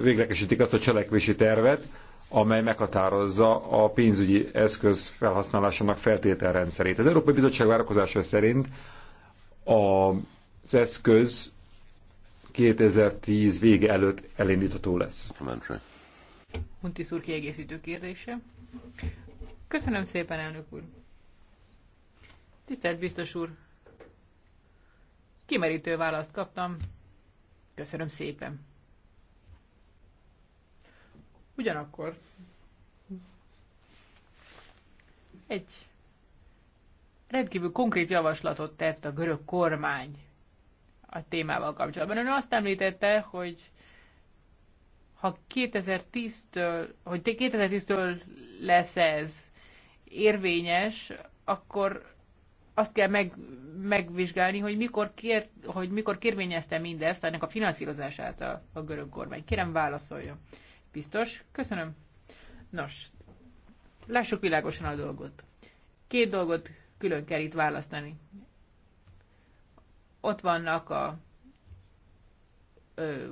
véglegesítik azt a cselekvési tervet, amely meghatározza a pénzügyi eszköz felhasználásának feltételrendszerét. Az Európai Bizottság várakozása szerint az eszköz 2010 vége előtt elindítható lesz. Huntis úr kiegészítő kérdése. Köszönöm szépen, elnök úr. Tisztelt biztos úr, kimerítő választ kaptam. Köszönöm szépen. Ugyanakkor egy rendkívül konkrét javaslatot tett a görög kormány a témával kapcsolatban. Ön azt említette, hogy ha 2010-től, hogy 2010-től lesz ez érvényes, akkor azt kell meg, megvizsgálni, hogy mikor, kér, hogy mikor kérvényezte mindezt ennek a finanszírozását a, a görög kormány. Kérem válaszoljon. Biztos? Köszönöm. Nos, lássuk világosan a dolgot. Két dolgot külön kell itt választani. Ott vannak a ö,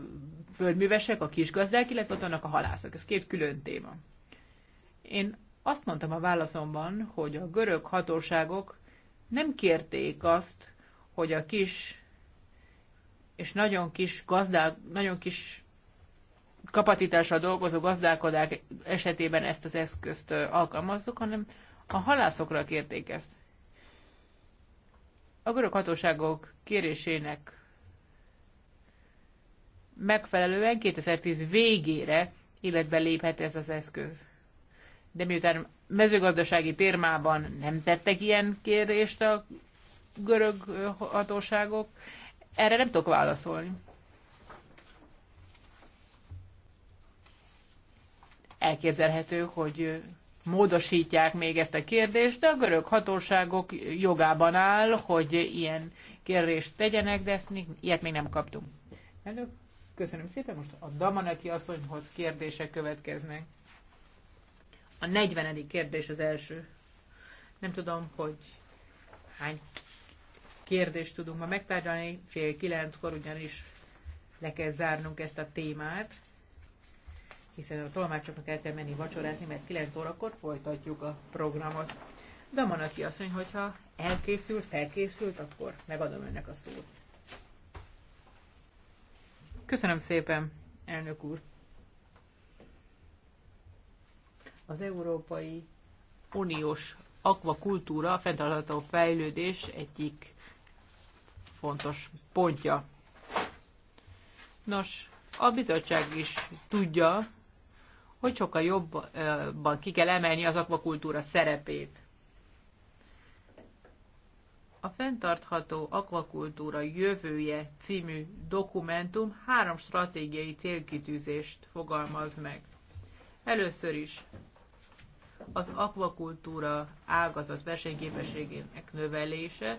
földművesek, a kisgazdák, illetve ott vannak a halászok. Ez két külön téma. Én azt mondtam a válaszomban, hogy a görög hatóságok nem kérték azt, hogy a kis és nagyon kis gazdák, nagyon kis kapacitással dolgozó gazdálkodák esetében ezt az eszközt alkalmazzuk, hanem a halászokra kérték ezt. A görög hatóságok kérésének megfelelően 2010 végére életbe léphet ez az eszköz. De miután mezőgazdasági térmában nem tettek ilyen kérdést a görög hatóságok, erre nem tudok válaszolni. Elképzelhető, hogy módosítják még ezt a kérdést, de a görög hatóságok jogában áll, hogy ilyen kérdést tegyenek, de ezt még, ilyet még nem kaptunk. Elő. Köszönöm szépen, most a Damanaki asszonyhoz kérdések következnek. A 40. kérdés az első. Nem tudom, hogy hány kérdést tudunk ma megtárgyalni, fél kilenckor ugyanis le kell zárnunk ezt a témát, hiszen a tolmácsoknak el kell menni vacsorázni, mert 9 órakor folytatjuk a programot. De van, aki azt mondja, hogyha elkészült, felkészült, akkor megadom önnek a szót. Köszönöm szépen, elnök úr. Az Európai Uniós akvakultúra a fenntartható fejlődés egyik fontos pontja. Nos, a bizottság is tudja, hogy sokkal jobban eh, ki kell emelni az akvakultúra szerepét. A fenntartható akvakultúra jövője című dokumentum három stratégiai célkitűzést fogalmaz meg. Először is az akvakultúra ágazat versenyképességének növelése,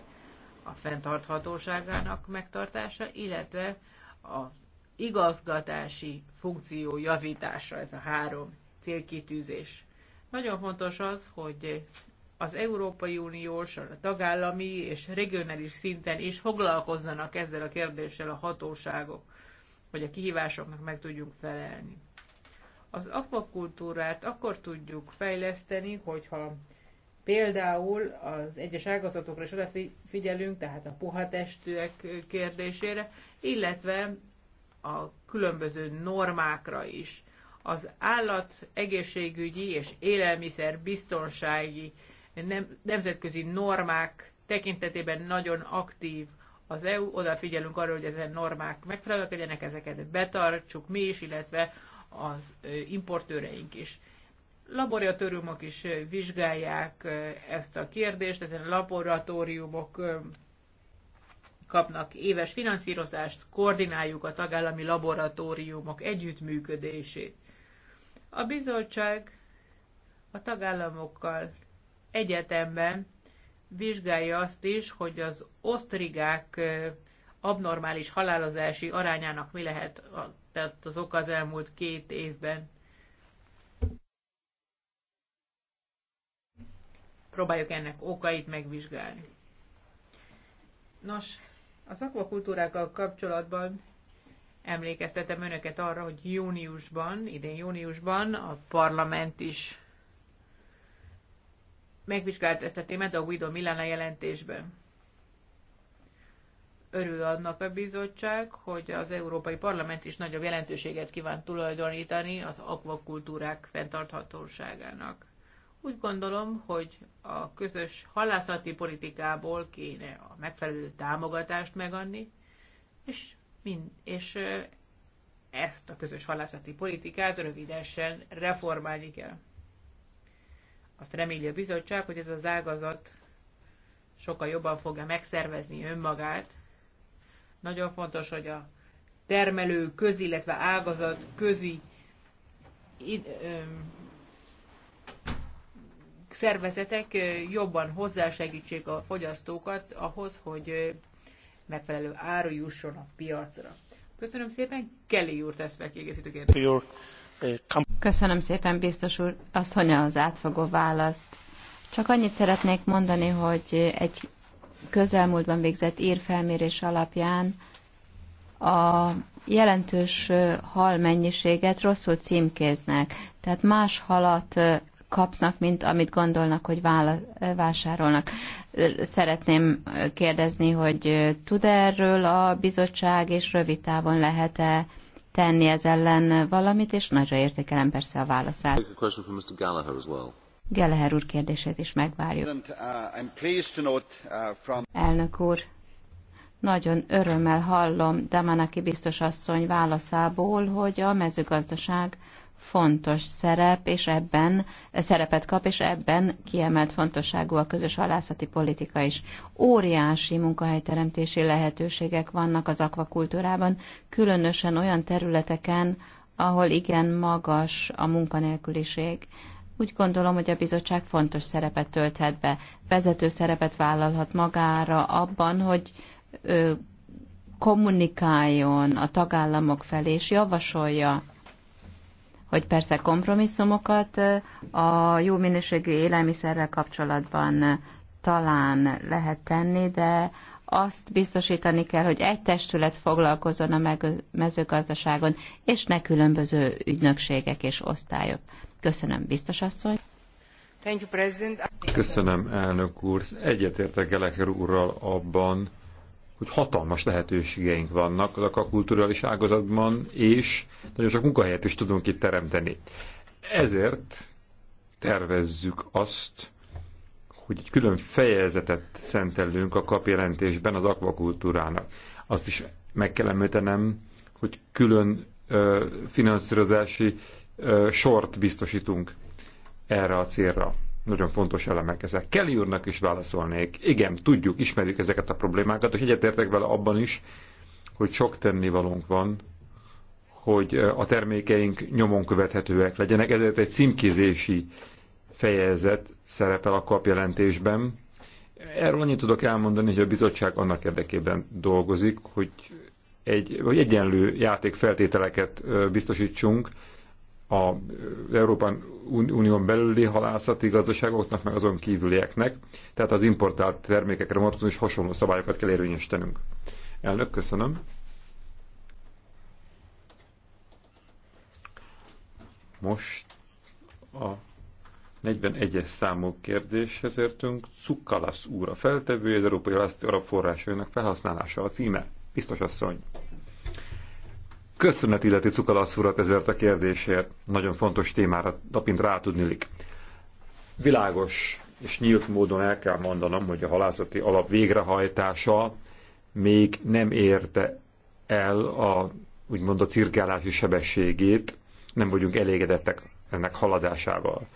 a fenntarthatóságának megtartása, illetve az igazgatási funkció javítása, ez a három célkitűzés. Nagyon fontos az, hogy az Európai Uniós, a tagállami és regionális szinten is foglalkozzanak ezzel a kérdéssel a hatóságok, hogy a kihívásoknak meg tudjunk felelni. Az akvakultúrát akkor tudjuk fejleszteni, hogyha például az egyes ágazatokra is odafigyelünk, tehát a puha testűek kérdésére, illetve a különböző normákra is. Az állat egészségügyi és élelmiszer biztonsági nem, nemzetközi normák tekintetében nagyon aktív az EU, odafigyelünk arra, hogy ezen normák megfelelőek legyenek, ezeket betartsuk mi is, illetve az importőreink is. Laboratóriumok is vizsgálják ezt a kérdést, ezen laboratóriumok kapnak éves finanszírozást, koordináljuk a tagállami laboratóriumok együttműködését. A bizottság a tagállamokkal Egyetemben vizsgálja azt is, hogy az osztrigák abnormális halálozási arányának mi lehet tehát az oka az elmúlt két évben. Próbáljuk ennek okait megvizsgálni. Nos, az akvakultúrákkal kapcsolatban emlékeztetem önöket arra, hogy júniusban, idén júniusban a parlament is megvizsgált ezt a témát a Guido Milana jelentésben. Örül annak a bizottság, hogy az Európai Parlament is nagyobb jelentőséget kíván tulajdonítani az akvakultúrák fenntarthatóságának. Úgy gondolom, hogy a közös halászati politikából kéne a megfelelő támogatást megadni, és, mind, és ezt a közös halászati politikát rövidesen reformálni kell. Azt reméli a bizottság, hogy ez az ágazat sokkal jobban fogja megszervezni önmagát. Nagyon fontos, hogy a termelő közi, illetve ágazat közi szervezetek jobban hozzásegítsék a fogyasztókat ahhoz, hogy megfelelő áru jusson a piacra. Köszönöm szépen, Kelly úr tesz fel kiegészítő kérdést. Köszönöm szépen, biztos úr, asszonya az átfogó választ. Csak annyit szeretnék mondani, hogy egy közelmúltban végzett írfelmérés alapján a jelentős hal mennyiséget rosszul címkéznek, tehát más halat kapnak, mint amit gondolnak, hogy vála, vásárolnak. Szeretném kérdezni, hogy tud erről a bizottság, és rövid távon lehet-e tenni ez ellen valamit, és nagyra értékelem persze a válaszát. Gallagher úr kérdését is megvárjuk. Uh, uh, Elnök úr, nagyon örömmel hallom Damanaki biztos asszony válaszából, hogy a mezőgazdaság fontos szerep, és ebben szerepet kap, és ebben kiemelt fontosságú a közös halászati politika is. Óriási munkahelyteremtési lehetőségek vannak az akvakultúrában, különösen olyan területeken, ahol igen magas a munkanélküliség. Úgy gondolom, hogy a bizottság fontos szerepet tölthet be, vezető szerepet vállalhat magára abban, hogy kommunikáljon a tagállamok felé, és javasolja hogy persze kompromisszumokat a jó minőségű élelmiszerrel kapcsolatban talán lehet tenni, de azt biztosítani kell, hogy egy testület foglalkozzon a mezőgazdaságon, és ne különböző ügynökségek és osztályok. Köszönöm, biztos asszony. Köszönöm, elnök úr. Egyetértek Eleker úrral abban, hogy hatalmas lehetőségeink vannak a kulturális ágazatban, és nagyon sok munkahelyet is tudunk itt teremteni. Ezért tervezzük azt, hogy egy külön fejezetet szentelünk a kapjelentésben az akvakultúrának. Azt is meg kell említenem, hogy külön ö, finanszírozási ö, sort biztosítunk erre a célra. Nagyon fontos elemek ezek. Kelly úrnak is válaszolnék. Igen, tudjuk, ismerjük ezeket a problémákat, és egyetértek vele abban is, hogy sok tennivalónk van, hogy a termékeink nyomon követhetőek legyenek. Ezért egy címkézési fejezet szerepel a kapjelentésben. Erről annyit tudok elmondani, hogy a bizottság annak érdekében dolgozik, hogy, egy, vagy egyenlő játékfeltételeket biztosítsunk az Európán Unión belüli halászati gazdaságoknak, meg azon kívülieknek. Tehát az importált termékekre vonatkozó is hasonló szabályokat kell érvényesítenünk. Elnök, köszönöm. Most a 41-es számú kérdéshez értünk. Cukkalasz úr a feltevője, az Európai László Arab forrásainak felhasználása a címe. Biztos asszony. Köszönet illeti Cukalasz urat ezért a kérdésért. Nagyon fontos témára tapint rá tudnilik. Világos és nyílt módon el kell mondanom, hogy a halászati alap végrehajtása még nem érte el a úgymond a cirkálási sebességét, nem vagyunk elégedettek ennek haladásával.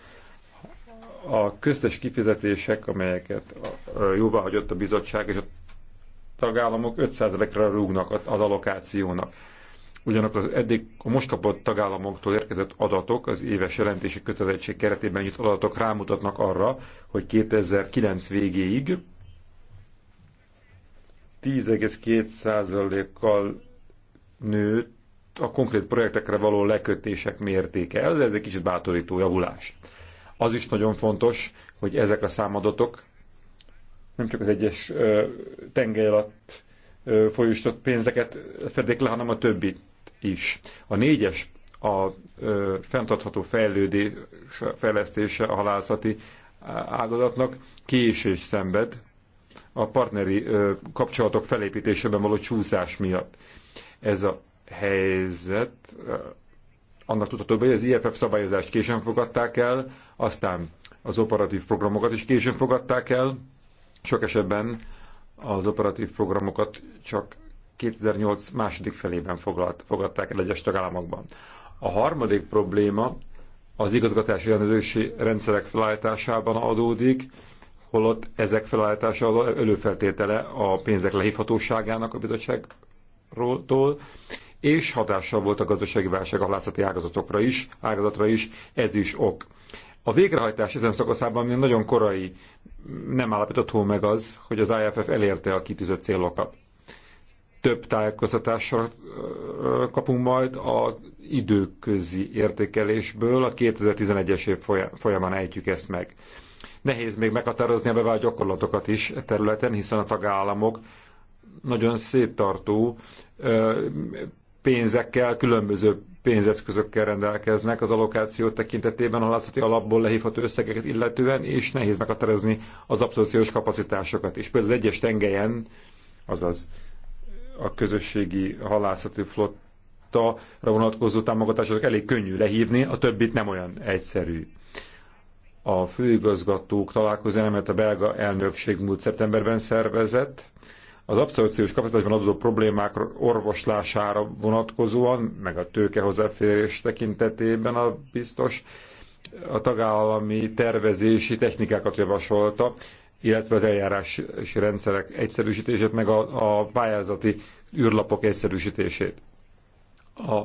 A köztes kifizetések, amelyeket jóváhagyott a bizottság és a tagállamok 500 ra rúgnak az allokációnak. Ugyanakkor az eddig a most kapott tagállamoktól érkezett adatok, az éves jelentési kötelezettség keretében nyújt adatok rámutatnak arra, hogy 2009 végéig 10,2%-kal nőtt a konkrét projektekre való lekötések mértéke. Ez, ez egy kicsit bátorító javulás. Az is nagyon fontos, hogy ezek a számadatok nem csak az egyes tengely alatt folyósított pénzeket fedik le, hanem a többi is. A négyes a ö, fenntartható fejlődés, fejlesztése a halászati áldozatnak késés szenved a partneri ö, kapcsolatok felépítésében való csúszás miatt. Ez a helyzet ö, annak tudható, hogy az IFF szabályozást későn fogadták el, aztán az operatív programokat is későn fogadták el, sok esetben az operatív programokat csak 2008 második felében foglalt, fogadták el egyes tagállamokban. A harmadik probléma az igazgatási rendezősi rendszerek felállításában adódik, holott ezek felállítása az előfeltétele a pénzek lehívhatóságának a bizottságról, és hatással volt a gazdasági válság a látszati ágazatokra is, ágazatra is, ez is ok. A végrehajtás ezen szakaszában még nagyon korai nem állapítható meg az, hogy az IFF elérte a kitűzött célokat több tájékoztatásra kapunk majd a időközi értékelésből, a 2011-es év folyamán ejtjük ezt meg. Nehéz még meghatározni a bevált gyakorlatokat is e területen, hiszen a tagállamok nagyon széttartó pénzekkel, különböző pénzeszközökkel rendelkeznek az allokáció tekintetében, a látszati alapból lehívható összegeket illetően, és nehéz meghatározni az abszorciós kapacitásokat. És például az egyes tengelyen, azaz a közösségi halászati flotta vonatkozó támogatások elég könnyű lehívni, a többit nem olyan egyszerű. A főigazgatók találkozó, amelyet a belga elnökség múlt szeptemberben szervezett, az abszorpciós kapacitásban adódó problémák orvoslására vonatkozóan, meg a tőke hozzáférés tekintetében a biztos a tagállami tervezési technikákat javasolta, illetve az eljárási rendszerek egyszerűsítését, meg a, a pályázati űrlapok egyszerűsítését. A,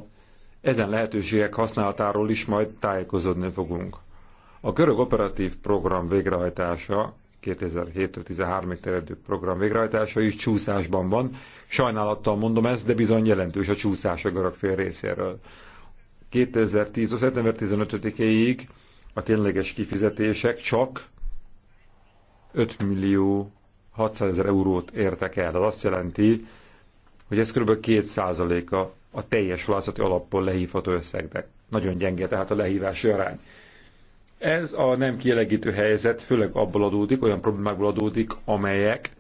ezen lehetőségek használatáról is majd tájékozódni fogunk. A görög operatív program végrehajtása 2007-13-ig terjedő program végrehajtása is csúszásban van. Sajnálattal mondom ezt, de bizony jelentős a csúszás a görög fél részéről. 2010. szeptember 15-éig a tényleges kifizetések csak 5 millió 600 ezer eurót értek el. Ez azt jelenti, hogy ez kb. 2%-a a teljes választati alapból lehívható összegnek. Nagyon gyenge tehát a lehívási arány. Ez a nem kielegítő helyzet főleg abból adódik, olyan problémákból adódik, amelyek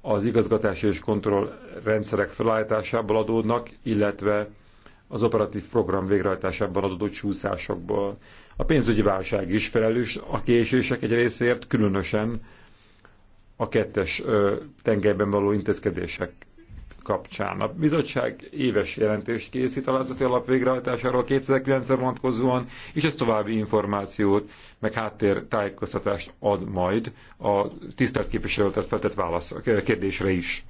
az igazgatási és kontroll rendszerek felállításából adódnak, illetve az operatív program végrehajtásában adódó csúszásokból. A pénzügyi válság is felelős a késések egy részért, különösen a kettes tengelyben való intézkedések kapcsán. A bizottság éves jelentést készít a lázati alap végrehajtásáról 2009-re vonatkozóan, és ez további információt, meg háttér tájékoztatást ad majd a tisztelt képviselőtet feltett válasz kérdésre is.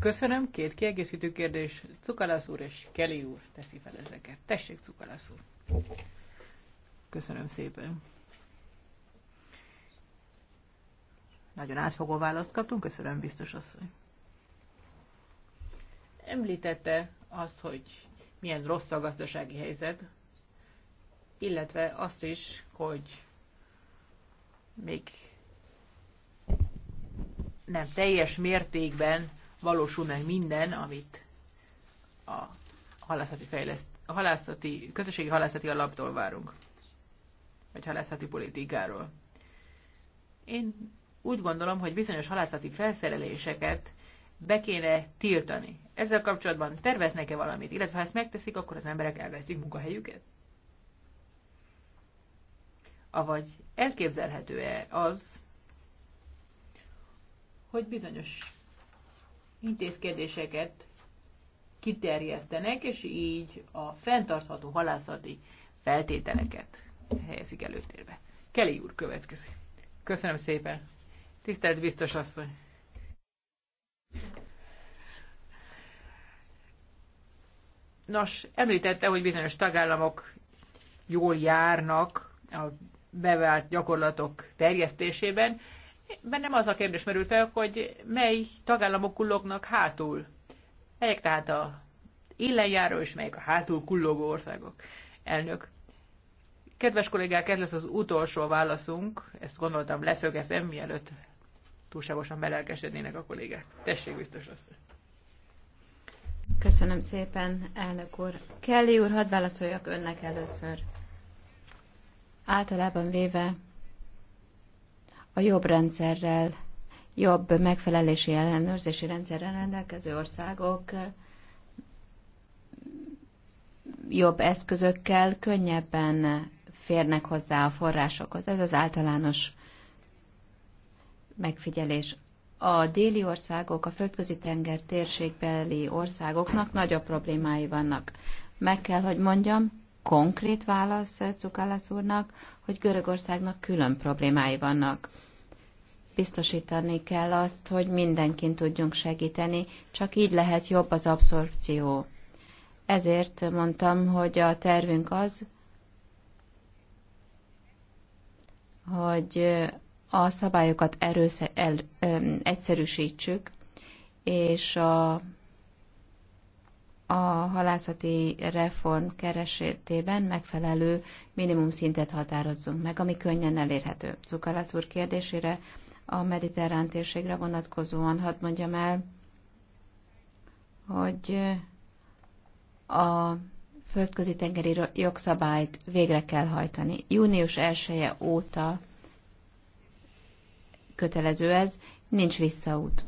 Köszönöm. Két kiegészítő kérdés. Cukalász úr és Kelly úr teszi fel ezeket. Tessék, Cukalász úr. Köszönöm szépen. Nagyon átfogó választ kaptunk, köszönöm biztos asszony. Említette azt, hogy milyen rossz a gazdasági helyzet, illetve azt is, hogy még nem teljes mértékben valósul meg minden, amit a halászati, fejleszt, a halászati közösségi halászati alaptól várunk, vagy halászati politikáról. Én úgy gondolom, hogy bizonyos halászati felszereléseket be kéne tiltani. Ezzel kapcsolatban terveznek-e valamit, illetve ha ezt megteszik, akkor az emberek elvesztik munkahelyüket? Avagy elképzelhető-e az, hogy bizonyos intézkedéseket kiterjesztenek, és így a fenntartható halászati feltételeket helyezik előtérbe. Kelly úr következik. Köszönöm szépen! Tisztelt biztos asszony! Nos, említette, hogy bizonyos tagállamok jól járnak a bevált gyakorlatok terjesztésében. Bennem az a kérdés merült fel, hogy mely tagállamok kullognak hátul. Melyek tehát a illenjáró és melyek a hátul kullogó országok. Elnök. Kedves kollégák, ez lesz az utolsó válaszunk, ezt gondoltam leszögezem, mielőtt túlságosan belelkesednének a kollégák. Tessék, biztos asszony. Köszönöm szépen, elnök úr. Kelly úr, hadd válaszoljak önnek először. Általában véve a jobb rendszerrel, jobb megfelelési ellenőrzési rendszerrel rendelkező országok jobb eszközökkel könnyebben férnek hozzá a forrásokhoz. Ez az általános megfigyelés. A déli országok, a földközi tenger térségbeli országoknak nagyobb problémái vannak. Meg kell, hogy mondjam, konkrét válasz Cukalász úrnak, hogy Görögországnak külön problémái vannak. Biztosítani kell azt, hogy mindenkin tudjunk segíteni, csak így lehet jobb az abszorpció. Ezért mondtam, hogy a tervünk az, hogy a szabályokat erősze, el, um, egyszerűsítsük, és a, a halászati reform keresetében megfelelő minimum szintet határozzunk meg, ami könnyen elérhető. Cukalász úr kérdésére a mediterrán térségre vonatkozóan hadd mondjam el, hogy a földközi tengeri jogszabályt végre kell hajtani. Június 1 -e óta kötelező ez, nincs visszaút.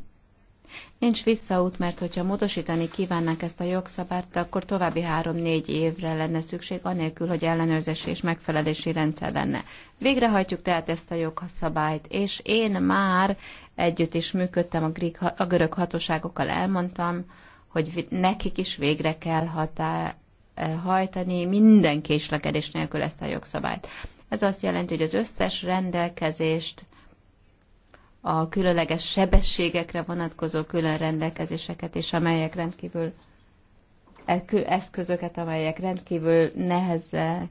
Nincs visszaút, mert hogyha módosítani kívánnák ezt a jogszabályt, akkor további három-négy évre lenne szükség, anélkül, hogy ellenőrzési és megfelelési rendszer lenne. Végrehajtjuk tehát ezt a jogszabályt, és én már együtt is működtem a, grig, a görög hatóságokkal, elmondtam, hogy nekik is végre kell hatá, eh, hajtani minden késlekedés nélkül ezt a jogszabályt. Ez azt jelenti, hogy az összes rendelkezést a különleges sebességekre vonatkozó külön rendelkezéseket, és amelyek rendkívül e, eszközöket, amelyek rendkívül nehezek,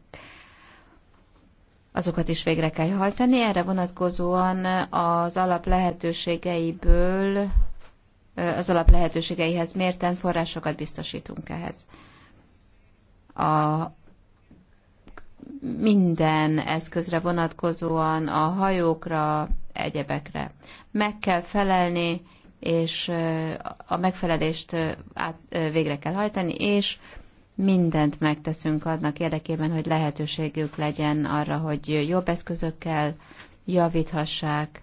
azokat is végre kell hajtani. Erre vonatkozóan az alap lehetőségeiből, az alap lehetőségeihez mérten forrásokat biztosítunk ehhez. A minden eszközre vonatkozóan, a hajókra, egyebekre. Meg kell felelni, és a megfelelést át, végre kell hajtani, és mindent megteszünk annak érdekében, hogy lehetőségük legyen arra, hogy jobb eszközökkel javíthassák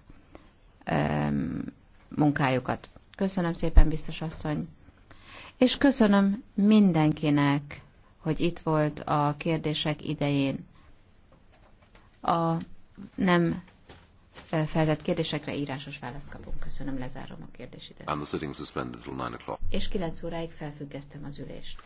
munkájukat. Köszönöm szépen, biztos asszony! És köszönöm mindenkinek, hogy itt volt a kérdések idején. A nem feltett kérdésekre írásos választ kapunk. Köszönöm, lezárom a kérdésidet. És 9 óráig felfüggesztem az ülést.